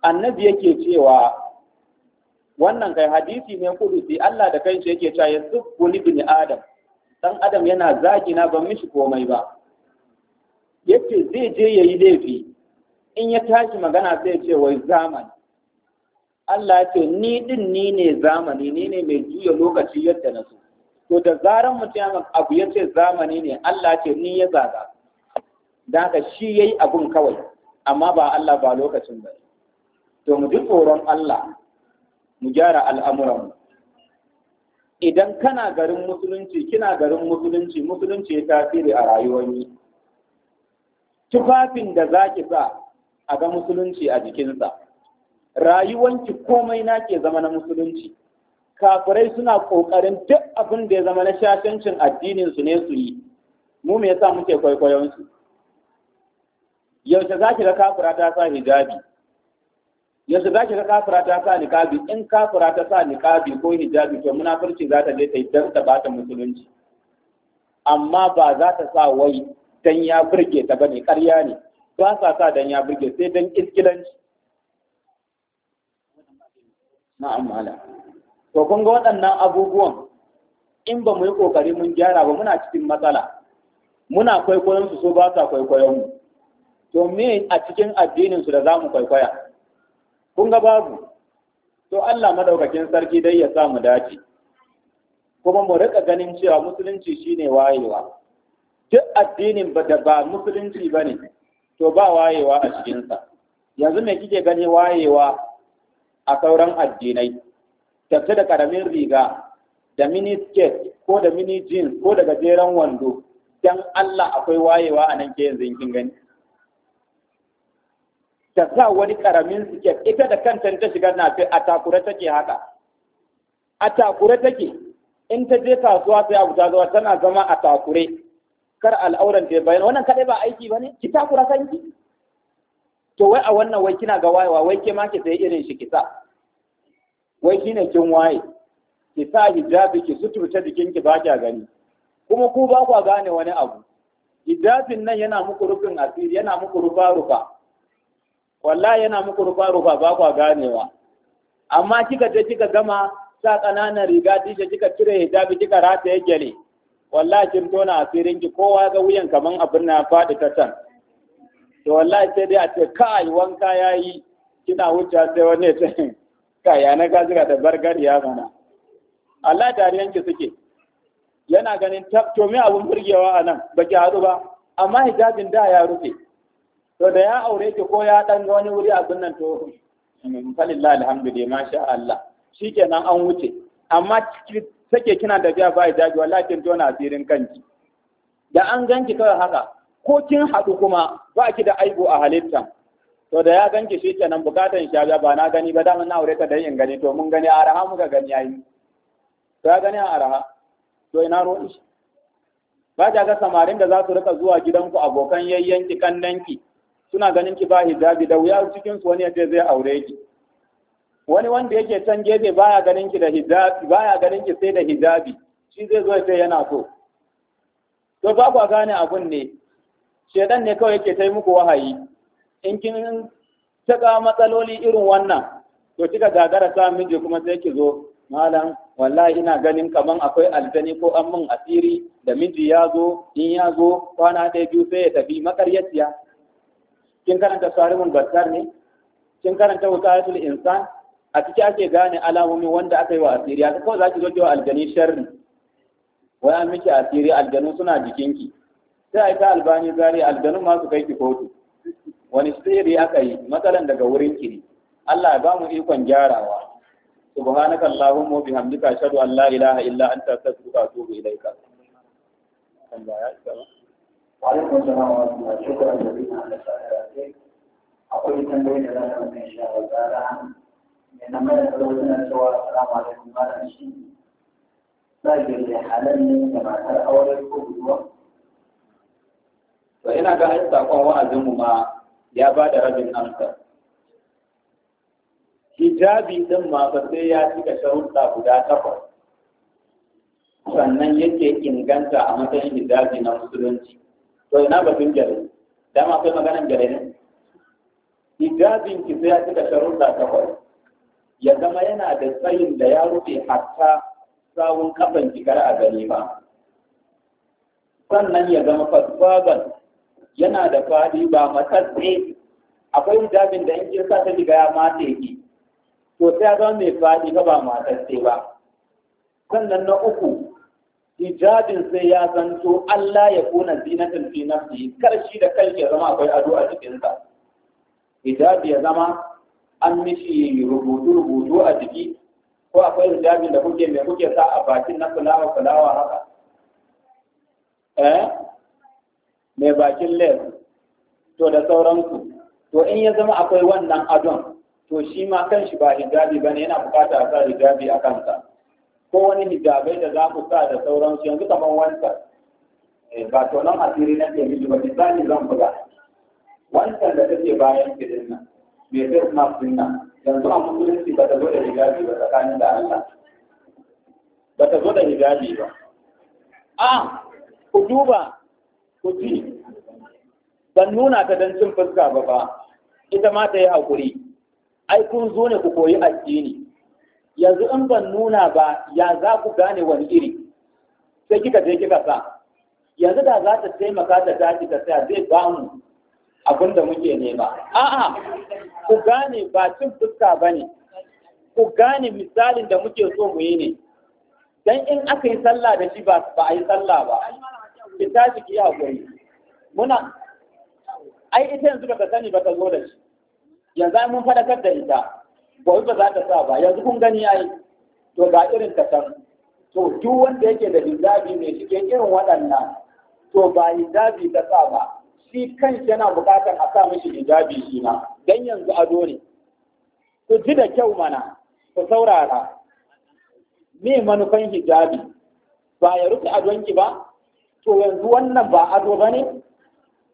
annabi yake cewa wannan kai hadisi ne sai Allah da kanshi yake cewa ya zubbu ibn adam dan adam yana na ban mishi komai ba yace zai je yayi laifi in ya tashi magana sai ya ce wai zamani Allah ya ce ni din ni ne zamani ni ne mai juya lokaci yadda na so to da zaran mutum abu ya ce zamani ne Allah ce ni ya zaga da haka shi yayi abun kawai amma ba Allah ba lokacin ba to mu ji tsoron Allah mu gyara al'amuran idan kana garin musulunci kina garin musulunci musulunci ya tasiri a rayuwarki tufafin da zaki sa a ga musulunci a jikinsa rayuwanki komai na ke zama na musulunci kafirai suna kokarin duk abin da ya zama na shashancin addininsu ne su yi mu me yasa muke kwaikwayon su yaushe za ki ga kafura ta sa hijabi yaushe za ga kafira ta sa niqabi in kafura ta sa niqabi ko hijabi to munafurci za ta je ta yi ta bata musulunci amma ba za ta sa wai dan ya burge ta bane ƙarya ne ba sa sa dan ya burge sai dan iskilanci na amala to kun ga waɗannan abubuwan in ba mu yi ƙoƙari mun gyara ba muna cikin matsala muna kwaikwayon su so ba sa kwaikwayon mu to me a cikin addinin su da za mu kwaikwaya kun ga babu to Allah madaukakin sarki dai ya sa mu dace kuma mu rika ganin cewa musulunci shine wayewa duk addinin ba da ba musulunci bane to ba wayewa a cikinsa yanzu me kike gani wayewa a sauran addinai tafi da karamin riga da mini skirt ko da mini jeans ko da gajeren wando don Allah akwai wayewa a nan ke yanzu kin gani ta sa wani karamin skirt ita da kanta ta shiga na fi a takure take haka a takure take in ta je kasuwa sai abu ta zuwa tana zama a takure kar al'auran ta bayan wannan kadai ba aiki bane ki takura sanki. to wai a wannan wai kina ga wayewa wai ke ma ki sai irin shi kisa wai kina kin waye kisa hijabi ki ta jikin ki ba kya gani kuma ku ba ku gane wani abu hijabin nan yana muku rufin asiri yana muku rufa rufa wallahi yana muku rufa rufa ba ku ganewa amma kika je kika gama sa ƙananan riga dishe kika cire hijabi kika rataye gele wallahi kin tona asirin ki kowa ga wuyan kaman abin na faɗi ta can to wallahi sai dai a ce kai wanka yayi kina wuce sai wani ya ce kai ya na gazira da ya mana Allah yanki suke yana ganin to me abun burgewa a nan baki haɗu ba amma hijabin da ya rufe to da ya aure ki ko ya dan wani wuri a nan to falillah alhamdulillah masha Allah shikenan an wuce amma take kina da biya ba hijabi wallahi kin tona asirin kanki da an ganki kawai haka ko kin haɗu kuma ba ki da aibu a halitta to da ya ganke shi kenan bukatan shi ba na gani ba daman na aure ta dan yin gani to mun gani araha muka gani yayi to ya gani araha to ina ruwan shi ba ta ga samarin da za su rika zuwa gidanku abokan yayyanki kannanki suna ganin ki ba hijabi da wuya cikin su wani yace zai aure ki wani wanda yake can gefe baya ganin ki da hijabi baya ganin ki sai da hijabi shi zai zo ya yana so to ba ku gane abun ne shaidan ne kawai yake tai muku wahayi in kin taka matsaloli irin wannan to kika gagara sa miji kuma sai ki zo malam wallahi ina ganin kaman akwai aljani ko an mun asiri da miji ya zo in ya zo kwana ɗaya biyu sai ya tafi makaryaciya kin karanta sarimun basar ne kin karanta wukayatul insan a ciki ake gane alamomi wanda aka yi wa asiri a kawai za ki zo ki wa aljani sharri wai an miki asiri aljanu suna jikinki sai a ta albani zari aljanun masu kai ki kotu wani sirri aka yi matsalan daga wurin kiri. Allah ya ba mu ikon gyarawa subhanaka allahumma wa bihamdika ashhadu an la ilaha illa anta astaghfiruka wa atubu ilaika kan ba ya isa ba alaikum salam wa rahmatullahi shukran da bin Allah ta'ala akwai tambayoyi da zan yi insha Allah ta'ala ne na mai da wannan cewa assalamu alaikum malam shi sai da halal ne da matar aure ko budurwa to ina ga ai sakon wa'azin mu ma ya ba da rabin amsa hijabi din ma ba sai ya cika sharuɗa guda takwas sannan yake inganta a matsayin hijabi na musulunci to ina sun gyare dama kai maganan gyare ne hijabin ki sai ya cika sharuɗa takwas ya zama yana da tsayin da ya rufe hatta sawun kafan kikar kar a gani ba sannan ya zama fasfaban yana da faɗi ba matsatsi akwai hijabin da in kin sa ta diga ya mata yake to sai ya zama mai faɗi ba matsatsi ba sannan na uku hijabin sai ya zanto Allah ya kuna zinatan fi nafsi karshi da kai ya zama akwai ado a jikinsa hijabi ya zama an mishi rubutu rubutu a jiki ko akwai hijabin da kuke mai kuke sa a bakin na fulawa fulawa haka eh mai bakin lef to da sauransu to in ya zama akwai wannan adon to shi ma kan shi ba hijabi ba ne yana bukata a sa hijabi a kansa ko wani hijabai da za ku sa da sauransu yanzu kamar wancan eh, ba to nan asiri na ke miji ba misali zan buga wancan da take bayan kidin nan mai face mask din nan yanzu a musulunci ba ta zo da hijabi ba tsakanin da Allah ba ta zo da hijabi ba a ah, ku duba ku ji ban nuna ta don cin fuska ba ba ita ma ta yi haƙuri ai kun zo ne ku koyi addini yanzu in ban nuna ba ya za ku gane wani iri sai kika je kika sa yanzu da za ta taimaka ta tashi ta saya zai ba mu abin da muke nema a'a ku gane ba cin fuska ba ne ku gane misalin da muke so mu yi ne dan in aka yi sallah da shi ba a yi sallah ba ki tashi ki haƙuri muna ai ita yanzu baka sani ba ta zo da shi yanzu mun fadakar da ita gobe ba za ta sa ba yanzu kun gani ai to ga irin ta san to duk wanda yake da hijabi mai cikin irin waɗannan to ba hijabi ta sa ba shi kan shi yana buƙatar a sa mishi hijabi shi ma dan yanzu ado ne ku ji da kyau mana ku saurara me manufan hijabi ba ya rufe adonki ba to yanzu wannan ba ado ba ne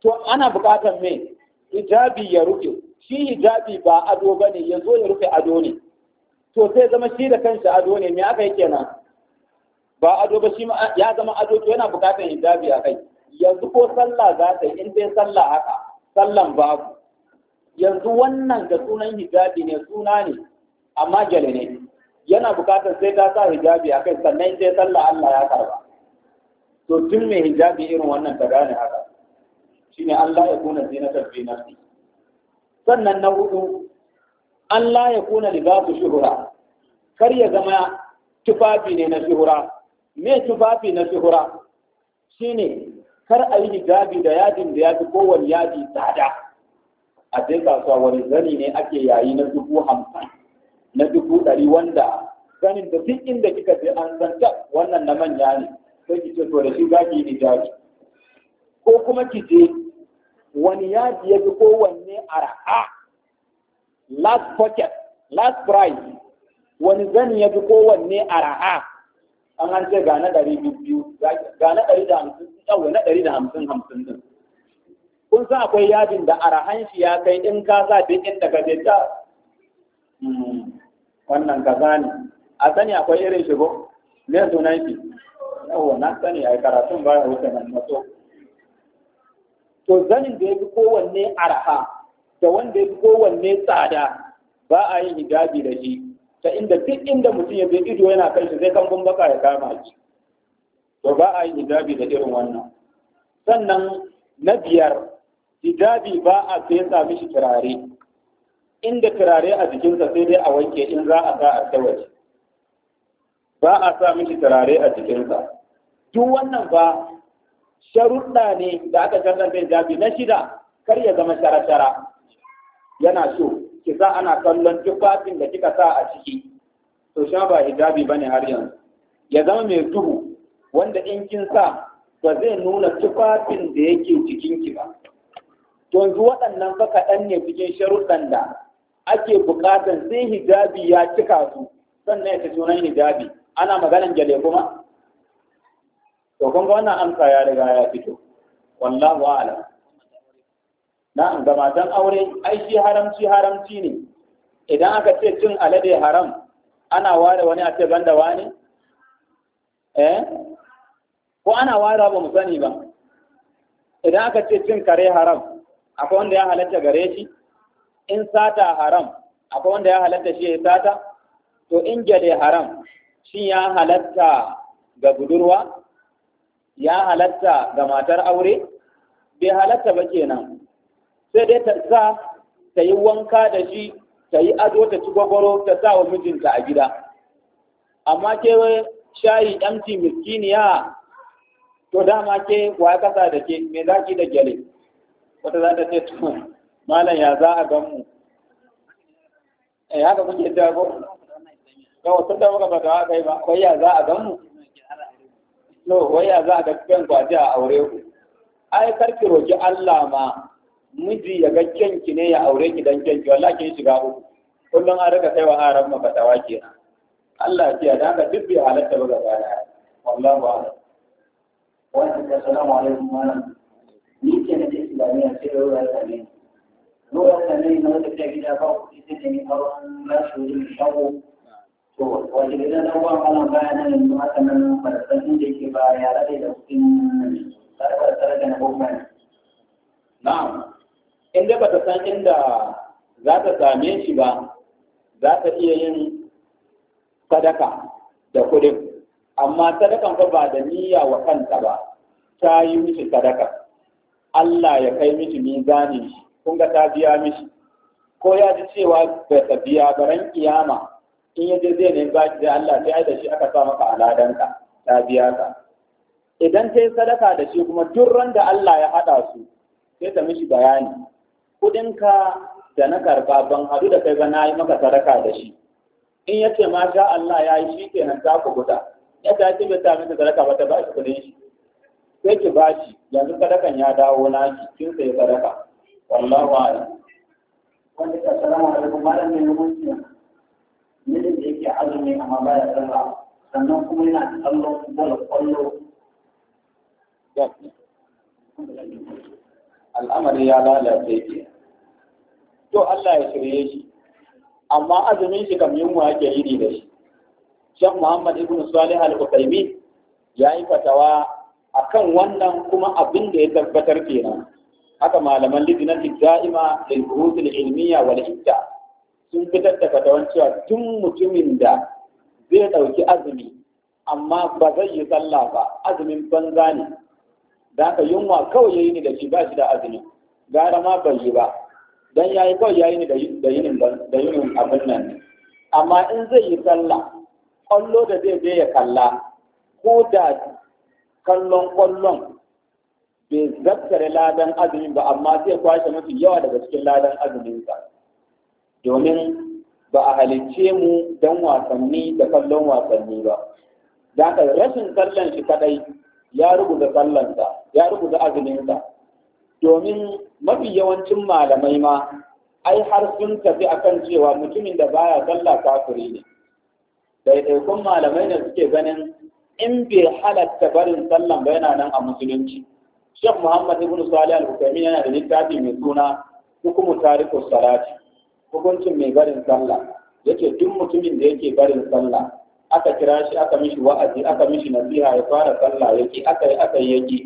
to ana buƙatar me hijabi ya rufe shi hijabi ba ado ba ne ya zo ya rufe ado ne to sai zama shi da kansa ado ne me aka yi kenan ba ado ba shi ya zama ado to yana buƙatar hijabi a kai yanzu ko sallah za ta yi in dai sallah haka sallan babu yanzu wannan da sunan hijabi ne suna ne amma gyale ne yana buƙatar sai ta sa hijabi a kai sannan sai sallah Allah ya karba to tun mai hijabi irin wannan ta gane haka shine Allah ya kuna zinatar fi nafsi sannan na hudu Allah ya kuna libasu shuhura kar ya zama tufafi ne na shuhura me tufafi na shuhura shine kar a yi hijabi da yadin da ya fi kowane yadi tsada a sai kasuwa wani zani ne ake yayi na dubu hamsin na dubu ɗari wanda zanin da duk inda kika je an zanta wannan na manya ne sai ki ce to da shi za ki yi hijabi ko kuma ki je wani yadi ya fi kowanne araha last pocket last price wani zani ya fi kowanne araha an an ce ga na ɗari biyu ga na ɗari da hamsin yau na ɗari da hamsin hamsin din kun san akwai yadin da arahan shi ya kai in ka sa duk inda ka je ta hmm, wannan kaza ne a sani akwai irin shigo ne sunan shi yawa na sani a karatun baya wuce nan maso to zanin da ya fi kowanne araha da wanda ya fi kowanne tsada ba a yin hijabi da shi ta inda duk inda mutum ya zai ido yana kan shi zai kan baka ya kama shi to ba a yin hijabi da irin wannan sannan na biyar hijabi ba a sai sa mishi turare inda turare a jikinsa sai dai a wanke in za a sa a tawaje ba a sa mishi turare a jikinsa duk wannan ba sharuɗa ne da aka sharɗanta hijabi na shida kar ya zama shara-shara yana so ki sa ana kallon tufafin da kika sa a ciki to sha ba hijabi ba ne har yanzu ya zama mai duhu wanda in kin sa ba zai nuna tufafin da yake jikinki ba to yanzu waɗannan fa kaɗan ne cikin sharuɗan da ake buƙatan sai hijabi ya cika su sannan ya sunan hijabi ana maganan gyale kuma to kun ga wannan amsa ya riga ya fito wallahu a'lam na'am ga matan aure ai shi haramci haramci ne idan aka ce cin alade haram ana ware wani a ce banda wani eh ko ana ware ba mu sani ba idan aka ce cin kare haram akwai wanda ya halatta gare shi in sata haram akwai wanda ya halatta shi ya sata to in gyale haram shi ya halatta ga budurwa ya halatta ga matar aure bai halatta ba kenan sai dai ta sa ta yi wanka da shi ta yi ado ta ci gwagwaro ta sa wa mijinta a gida amma ke shayi yanci miskiniya to dama ke wa kasa da ke me za ki da gyale wata za ta ce to malam ya za a gan mu eh haka kuke jago? ga wasu da muka ba ta yi ba kai ya za a gan mu no waya za a ga kyan gwaje a aure ku ai karki roki Allah ma miji ya ga kyanki ne ya aure ki dan kyanki wallahi kin shiga uku kullum an rika kaiwa aran mafatawa kenan Allah ya da ka dubbi halatta ba gaba daya wallahi wa alaikum assalamu alaikum ni ke da islamiyya ce da ruwa ta ne ruwa ta ne na wata gida ba ku sai da ni a ruwan rashin shago wajen gidan ɗan uwan malam baya nan yanzu haka nan barasashin da yake ba ya rade da kuɗin tsarkar tsarkar na bukma ne. Na'am, in dai bata san inda za ta same shi ba, za ta iya yin sadaka da kuɗin. Amma sadakan fa ba da niyya wa kanta ba, ta yi mishi sadaka. Allah ya kai mishi mizanin shi, kun ga ta biya mishi. Ko ya ji cewa bai ta biya baran kiyama in yaje zai ne ba da Allah sai ai da shi aka sa maka aladanka ta biya ka idan kai sadaka da shi kuma duk ran da Allah ya hada su sai ta mishi bayani kudin ka da na karba ban hadu da kai ba na yi maka sadaka da shi in ya ce ma sha Allah ya yi shi kenan za ku guda ya ta ce bai sami sadaka ba ta ba shi kudin shi sai ki ba shi yanzu sadakan ya dawo na shi kin sai sadaka wallahu a'lam wanda assalamu alaikum malam ne mun ya azumi amma baya sallah sannan kuma yana kallon bola kwallo al'amari ya lalace ke to Allah ya shirye shi amma azumin shi kam wa yake yi da shi Shan Muhammad ibn Salih al-Uthaymeen ya yi fatawa akan wannan kuma abin da ya tabbatar kenan haka malaman lidinatin da'ima lil ilmiya wal ibda sun fitar da fatawan cewa tun mutumin da zai ɗauki azumi amma ba zai yi sallah ba azumin banza ne da aka yunwa kawai ya yi ni da shi ba shi da azumi gara ma bai yi ba don ya yi kawai ya yi ni da yinin abin nan ne amma in zai yi sallah kwallo da zai je ya kalla ko da kallon kwallon bai zaftare ladan azumin ba amma zai kwashe mafi yawa daga cikin ladan azuminsa domin ba a halicce mu don wasanni da kallon wasanni ba da aka rashin kallon shi kadai ya rubuta sallansa ya rubuta azuminsa domin mafi yawancin malamai ma ai har sun tafi a kan cewa mutumin da baya sallah kafiri ne daidaikun malamai ne suke ganin in bai halatta barin sallan ba yana nan a musulunci shek Muhammad Ibn Salih al hukami yana da littafi mai suna hukumu tarikus salati hukuncin mai barin sallah yake duk mutumin da yake barin sallah aka kira shi aka mishi wa'azi aka mishi nasiha ya fara sallah yake aka yi aka yi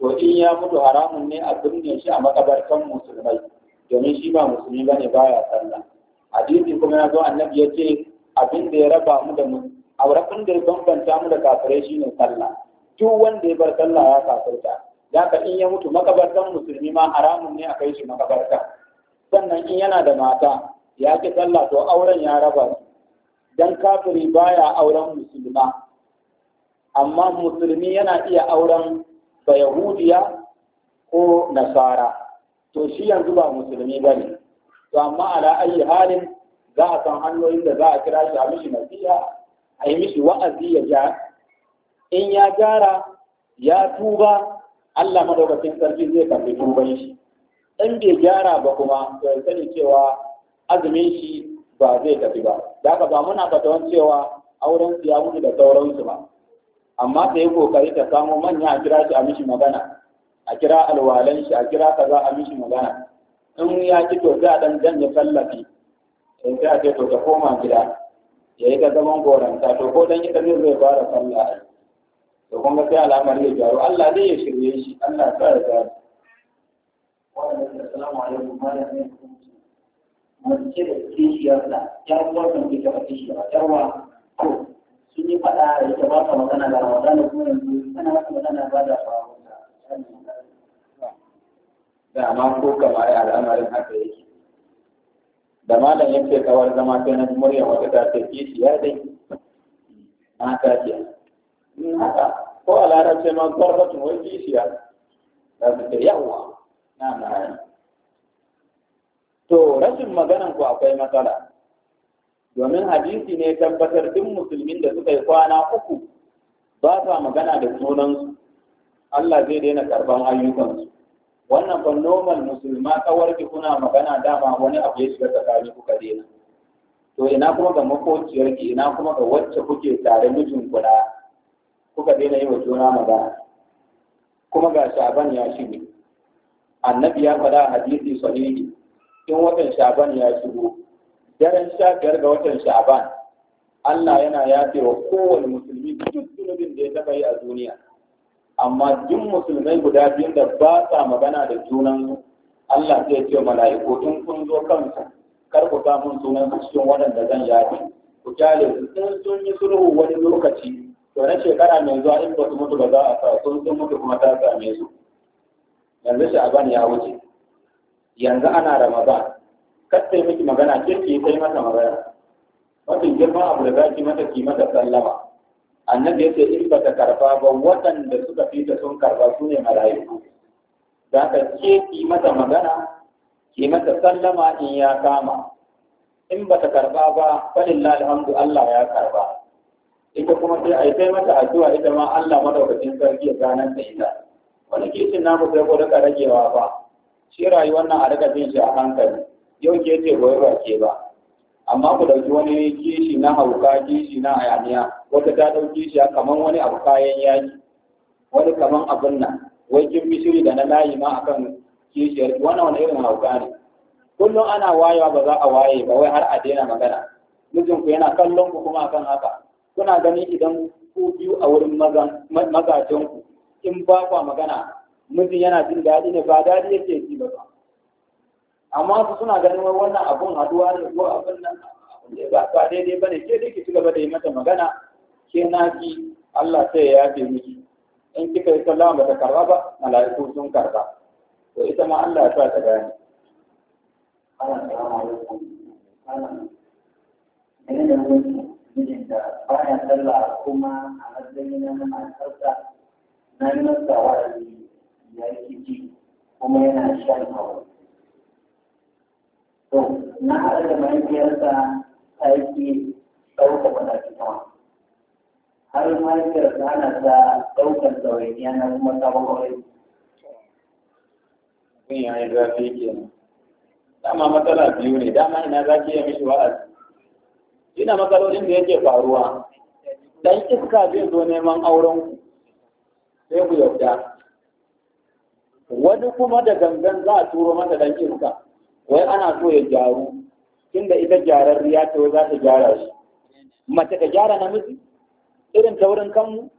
to in ya mutu haramun ne a binne shi a makabartan musulmai domin shi ba musulmi bane baya sallah hadisi kuma ya zo annabi ya ce abin da ya raba mu da mu a da ya bambanta mu da kafirai shine sallah duk wanda ya bar sallah ya kafirta da in ya mutu makabartan musulmi ma haramun ne a kai shi makabarta sannan in yana da mata ya ki sallah to auren ya raba su dan kafiri baya auren musulma amma musulmi yana iya auren ba yahudiya ko nasara to shi yanzu ba musulmi ba ne to amma ala ayi halin za a san hanyoyin da za a kira shi a mishi nasiha a yi mishi wa'azi ya ja in ya gyara ya tuba Allah madaukakin sarki zai karbi tuban shi in bai gyara ba kuma to ya sani cewa azumin shi ba zai tafi ba da haka ba muna fatawan cewa auren su ya mutu da sauransu ba amma ta yi kokari ta samo manya a kira shi a mishi magana a kira alwalan shi a kira kaza a mishi magana in ya ci to za a dan janye tallafi in ta ce to ta koma gida ya yi ta zaman goranta to ko dan ita zai fara sallah to kuma sai al'amari ya gyaru Allah zai ya shirye shi Allah ya sa ya alaikum assalamu alaikum malam ne mace da kishiyarta ya uwar da ke taɓa kishiyar yarwa ko sun yi faɗa da ita ba ka magana da ramadana kuma yanzu ba maka magana ba da ba da ma ko kamar ya al'amarin haka yake da ma malam yake kawar zama sai na murya wata ta ce kishiyar dai mata ce in haka ko a larabci ma zarbatun wai kishiya za su ce yawwa To, rashin maganan ku akwai matsala, domin hadisi ne tabbatar duk musulmin da suka yi kwana uku ba sa magana da sunansu, Allah zai daina karban ayyukansu. Wannan ban normal musulma kawar ki kuna magana dama wani abu ya shiga tsakanin kuka daina. To, ina kuma ga makociyarki, ina kuma ga wacce kuke tare mijin kuna kuka daina yi wa juna magana. Kuma ga shaban ya shige. annabi ya faɗa a hadisi sahihi in watan sha'ban ya shigo daren sha biyar ga watan sha'ban Allah yana yafe wa kowane musulmi duk zunubin da ya taɓa yi a duniya amma duk musulmai guda biyun da ba sa magana da junan Allah zai ce mala'iku in kun zo kansa. kar ku sa mun sunan su cikin waɗanda zan yafe ku kyale su sun sun yi sulhu wani lokaci to na shekara mai zuwa in ba su mutu ba za a sa sun sun mutu kuma ta same su yanzu sha'aban ya wuce yanzu ana ramadan kar yi miki magana kirki sai yi mata magana mafi girma abu da zaki mata ki mata sallama annabi yace in ba ta karba ba waɗanda suka fi ta sun karba su ne mala'iku da ka ce kima mata magana ki mata sallama in ya kama in ba ta karba ba falillahi alhamdu Allah ya karba ita kuma sai a yi kai mata addu'a ita ma Allah madaukakin sarki ya ganar ta ita wani kicin namu bai ko daga ragewa ba shi rayuwar nan a daga bin shi a hankali yau ke ce goyi ba ke ba amma ku ɗauki wani kishi na hauka kishi na hayaniya wata ta ɗauki shi kamar wani abu kayan yaki wani kamar abin nan wai kin shiri da na layi ma akan kishiyar wannan wani irin hauka ne kullum ana wayewa ba za a waye ba wai har a daina magana mijinku yana kallon ku kuma akan haka kuna gani idan ku biyu a wurin mazajen ku in ba kwa magana mutum yana jin daɗi ne ba daɗi yake ji ba amma su suna ganin wai wannan abun haduwa ne ko abin nan ba ba daidai ne ke dai ki cigaba da yi mata magana ke na fi Allah sai ya yafe miki in kika yi sallama ba ta karba ba mala'iku sun karba to ita ma Allah ya sa ta gane Menene da mijinta baya sallah kuma a matsayin na matarsa na yi masa wa'azi ya yi ji kuma yana shan hawa to na haɗa da mahaifiyarsa ta yi ɗauka mataki sama har mahaifiyarsa ana ta ɗaukar ɗawainiya na kuma sabon aure kun yi hanyar zafi kenan dama matsala biyu ne dama ina za ki yi mishi wa'azi ina matsalolin da yake faruwa dan iska zai zo neman auren ku sai ku yauda wani kuma da gangan za a turo masa dan iska wai ana so ya gyaru inda ita gyararriya ta wai za ta gyara shi mace ta gyara namiji irin taurin kanmu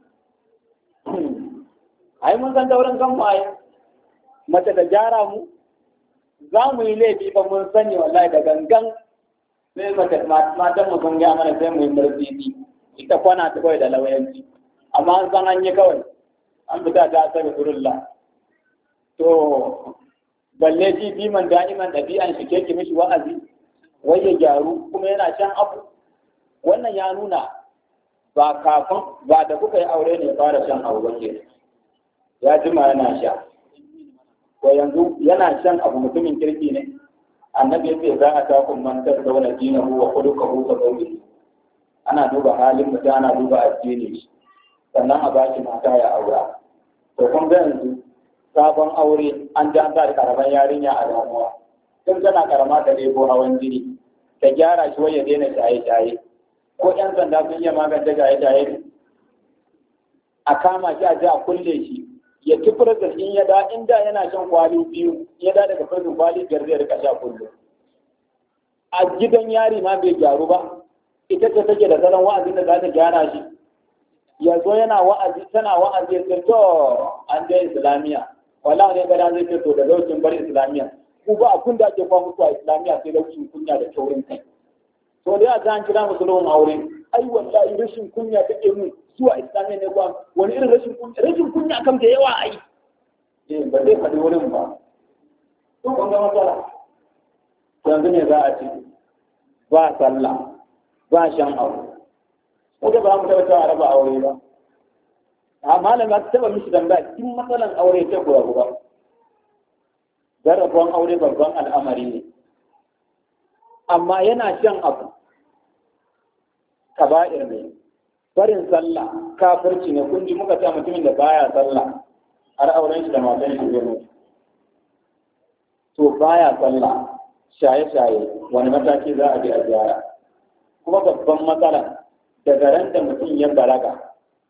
ai mun san taurin kanmu ai mace ta gyara mu za mu yi laifi ba mun sani wallahi da gangan sai mace matan mu sun gaya mana sai mu yi murfi ita kwana ta kawai da lawayanci amma an san an yi kawai an fita ta asar kurulla to balle shi biman da'iman ɗabi'an shi ke ki mishi wa'azi wai ya gyaru kuma yana can abu wannan ya nuna ba kafin ba da kuka yi aure ne fara shan abu ba ke ya jima yana sha ko yanzu yana shan abu mutumin kirki ne annabi ya ce za a takun mantar da wani dina wa kudu ka huka zaune ana duba halin mutum ana duba addini sannan a baki mata ya aura Da kun ga yanzu sabon aure an ji an da karaman yarinya a damuwa tun tana karama ta lebo hawan jini ta gyara shi wai ya daina shaye-shaye ko 'yan sanda sun iya magance shaye-shaye a kama shi a ji a kulle shi ya ci in ya da in da yana shan kwali biyu ya da daga prison kwali biyar zai rika sha kullum a gidan yari ma bai gyaru ba ita ce take da salon wa'azin da za ta gyara shi ya zo yana wa'azi tana wa'azi ya to an je islamiyya wala ne gada zai ce to da lokacin bar islamiyya ku ba kun da ake kwamu a islamiyya sai lokacin kunya da taurin kai to da a an kira musu lokacin aure ai wallahi rashin kunya ke mu zuwa islamiyya ne kwa wani irin rashin kunya rashin kunya kam da yawa ai eh ba zai faɗi wurin ba to kun ga matsala yanzu ne za a ce ba sallah ba shan aure ko ba mu taɓa cewa raba aure ba a malam ba taɓa mishi tambaya kin matsalan aure ta gura gura rabon aure babban al'amari ne amma yana shan abu kaba'ir ne barin sallah kafirci ne kun ji muka ce mutumin da baya sallah har auren shi da matan shi zai to baya sallah shaye-shaye wani mataki za a bi a gyara kuma babban matsala daga ran da mutum ya balaga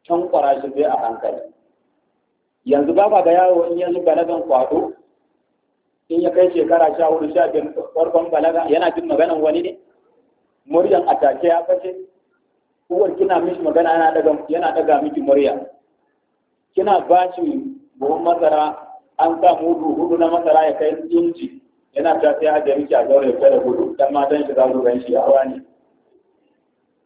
can kwara shi zai a hankali yanzu ba ga yawo in yanzu balagan kwado in ya kai shekara sha hudu sha biyar farkon balaga yana jin maganan wani ne muryan a take ya fashe uwar kina mishi magana yana daga yana daga miki murya kina ba shi buhun masara an sa mudu hudu na masara ya kai inji yana ta sai a miki a zaure ya kai da hudu, dan matan shi za su ganshi, a wani ne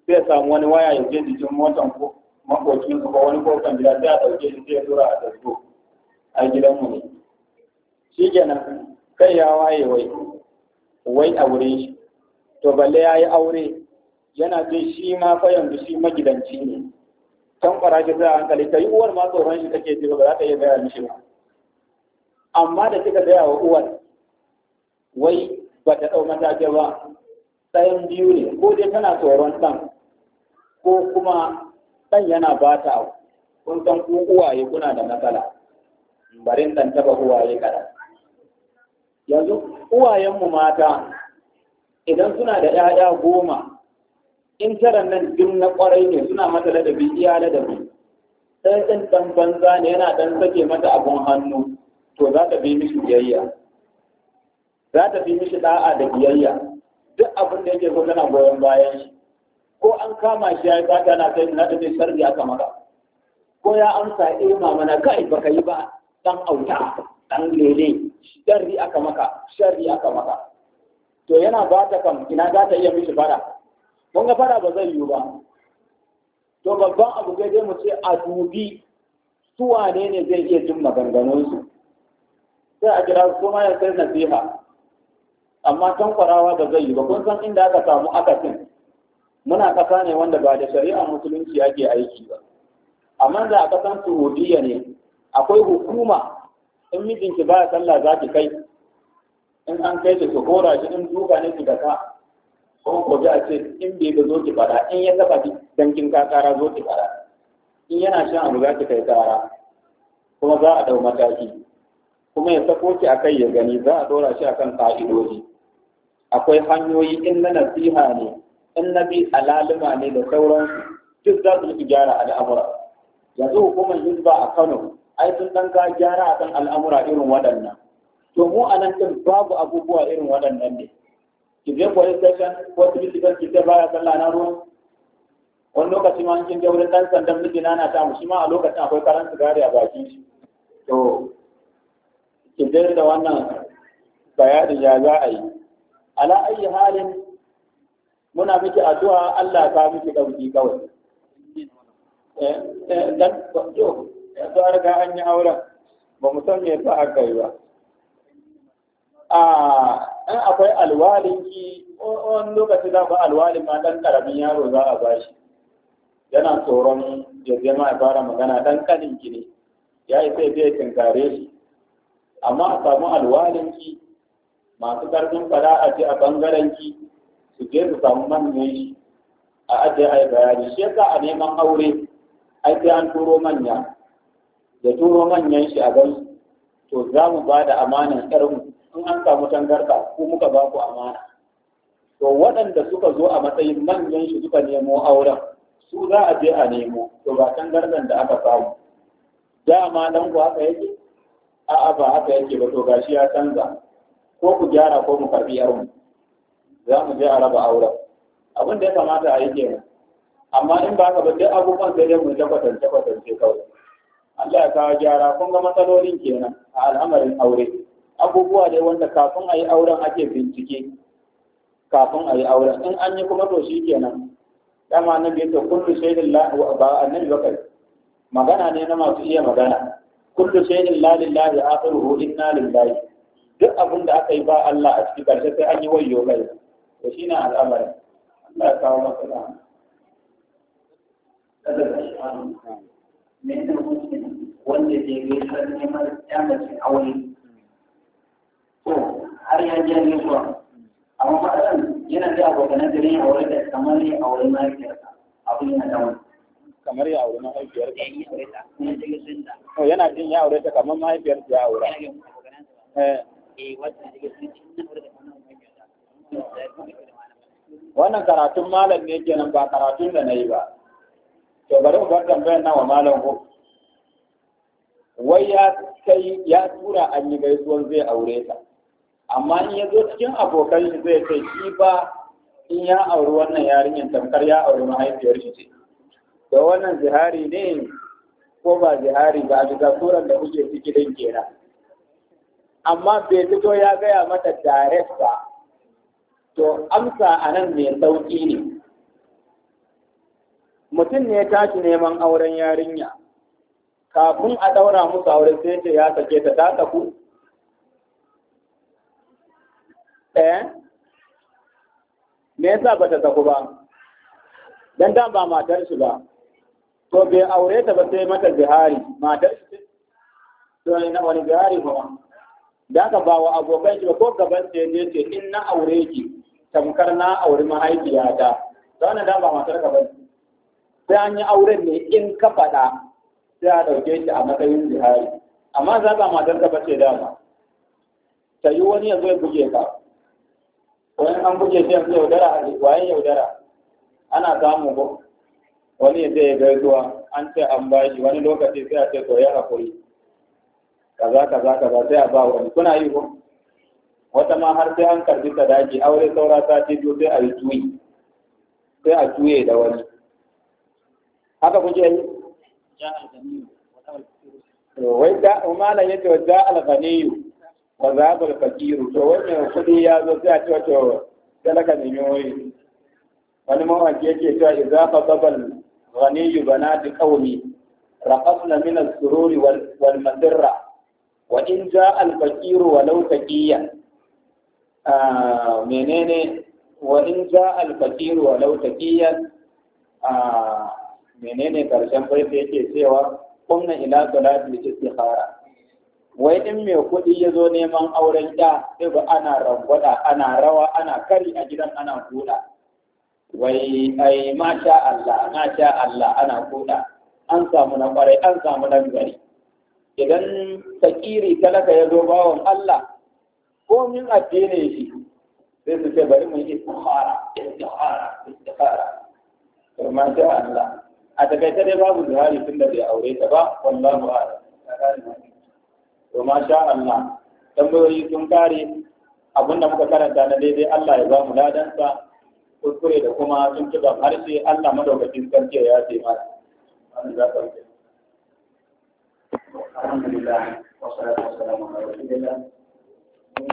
sai samu wani waya ya je jikin motan ko makocin ko wani kofan gida sai a ɗauke shi sai ya tura a tasgo a gidanmu ne shi kenan kai ya waye wai wai a wurin shi to balle ya yi aure yana jin shi ma fa yanzu shi magidanci ne can fara shi sai hankali kai uwar ma tsoron shi take ji ba za ta iya gaya mishi ba amma da kika gaya wa uwar wai ba ta ɗau mataki ba tsayin biyu ne ko dai tana tsoron ɗan ko kuma ɗan yana ba ta kun san ku uwaye kuna da matsala barin ɗan taba uwaye kaɗan yanzu uwayenmu mata idan suna da ‘ya'ya goma in taran nan duk na ƙwarai ne suna mata ladabi iya ladabi sai ɗan ɗan banza ne yana ɗan sake mata abun hannu to za ta bi mishi biyayya za ta bi mishi ɗa'a da biyayya duk abin da yake so tana goyon bayan shi ko an kama shi ya yi na kai na da mai sarri aka maka ko ya amsa irma eh, mana kai baka yi ba dan auta dan lele sharri aka maka sharri aka maka to yana ba ta kam ina za ta iya mishi fara kun ga fara ba zai yiwu ba to babban abu dai mu ce a dubi su wane ne zai iya jin su sai a kira su ma ya sai nasiha amma tankwarawa ba zai yi ba kun san inda aka samu akasin muna ƙasa ne wanda ba da shari'ar musulunci ake aiki ba amma da a ƙasan saudiya ne akwai hukuma in mijinki ba sallah za ki kai in an kai ki kora shi in duka ne ki ka ko ko a ce in bai ga zo ki fada in ya saba ki dan kakara ka kara zo ki fada in yana shan abu za ki kai kara kuma za a dau mataki kuma ya sako ki a kai ya gani za a dora shi akan ka'idoji akwai hanyoyi in na nasiha ne in alalima ne da sauransu duk za su nufi gyara al'amura yanzu hukumar hizba a kano ai sun dan ga gyara a kan al'amura irin waɗannan to mu a nan din babu abubuwa irin waɗannan ne ki je police station ko asibiti kan ki ce baya sallah na ruwan wani lokaci ma kin je wurin dan sandan miji na ta mu shi ma a lokacin akwai karan sigari a baki. shi to ki je da wannan bayani ya za a yi ala ayi halin muna miki addu'a Allah kawo miki dauki kawai eh, eh dan to yanzu an an yi auren ba mu san me yasa aka yi ba a in akwai alwalin ki wani lokaci za ku alwalin ma dan karamin yaro za a bashi yana tsoron ya zama ya fara magana dan kanin ki ne ya yi sai zai tinkare shi amma a samu alwalin ki masu karfin fara a ci a bangaren ki su je su samu manyan shi a ajiye a bayani shi yasa a neman aure ai an turo manya da turo manyan shi a gan to za mu ba da amanan ƙarmu in an samu tangarɗa ko muka ba ku amana to waɗanda suka zo a matsayin manyan shi suka nemo auren su za a je a nemo to ba tangarɗan da aka samu dama dan ku haka yake a'a ba haka yake ba to gashi ya canza ko ku gyara ko mu karɓi yarmu za mu je a raba auren abin da ya kamata a yi kenan amma in ba ka ba abubuwan sai dai mu ta kwatance kwatance kawai Allah ya kawo gyara kun ga matsalolin kenan a al'amarin aure abubuwa dai wanda kafin a yi auren ake bincike kafin a yi auren in an yi kuma to shi kenan dama na biyu da kullu shaidin da ba annabi ba kai magana ne na masu iya magana kullu shaidin a lillahi akhiruhu inna lillahi duk abin da aka yi ba Allah a cikin karshe sai an yi wayo kai to shi na al'amari Allah ya kawo masa da kada da shi hannu me da wuce wanda ke gaisa neman yamacin aure to har ya je zuwa? amma zan yana da abokanan da ne aure da kamar ya aure mahaifiyarsa abin yana da wani kamar ya aure mahaifiyar ta yana jin ya aure ta kamar mahaifiyar eh. eh, ya aure eh wannan karatun malam ne kenan ba karatun da na yi ba to bari mu bar tambayar nan wa malam ko wai ya kai ya tura an yi gaisuwar zai aure ta amma in ya zo cikin abokan shi zai kai shi ba in ya auri wannan yarinyar tamkar ya auri mahaifiyar shi ce da wannan zihari ne ko ba zihari ba a ga suran da kuke ciki din kenan amma bai fito ya gaya mata direct ba to amsa a nan mai sauƙi ne mutum ne tashi neman auren yarinya kafin a ɗaura musu aure sai ce ya sake ta ta ku. ɗaya eh? me yasa ba ta taku ba dan da ba matar shi ba to bai aure ta ba sai mata zihari matar shi to na wani zihari ba da ka ba wa abokan shi ba ko gaban sai ne ce in na aure ki tamkar na auri mahaifiyata da wannan dama matar ka bane sai an yi auren ne in ka faɗa sai a ɗauke shi a matsayin jihari amma za ba matar ka bace dama ta yi wani yanzu ya buge ka wani an buge shi yanzu yaudara a waye yaudara ana samu ko wani ya ya gaisuwa an ce an bashi wani lokaci sai a ce to ya haƙuri kaza kaza kaza sai a ba wani kuna yi ko wata ma har sai an karbi sadaki aure saura sati biyu sai a yi tuyi sai a tuye da wani haka kuke yi wai da umana yace wa da al-ghaniyu wa za al fakiru to wani kudi ya zo sai a ce wato talaka ne mai wuri wani mawaki yake cewa idza fasabal ghaniyu banati qaumi raqasna min as-sururi wal madarra wa in jaa al fakiru walau taqiyan menene wa in za al wa law taqiyan menene karshen baiti yake cewa kunna ila salati istikhara wai in mai kuɗi ya zo neman auren ya sai ba ana rangwada ana rawa ana kari a gidan ana kuɗa wai ai ma sha Allah sha Allah ana kuɗa an samu na ƙwarai, an samu na gari idan fakiri talaka ya zo bawan Allah komin addini shi sai su ce bari mu yi istikhara istikhara istikhara kuma ta Allah a takaice dai babu zuhari tun da bai aure ta ba wallahu a'lam to masha Allah tambayoyi sun kare abinda muka karanta na daidai Allah ya ba mu ladansa kuskure da kuma sun ci ban harshe Allah madaukakin sarki ya ce ma Alhamdulillah, wasu salatu wasu salamu ala rasulillah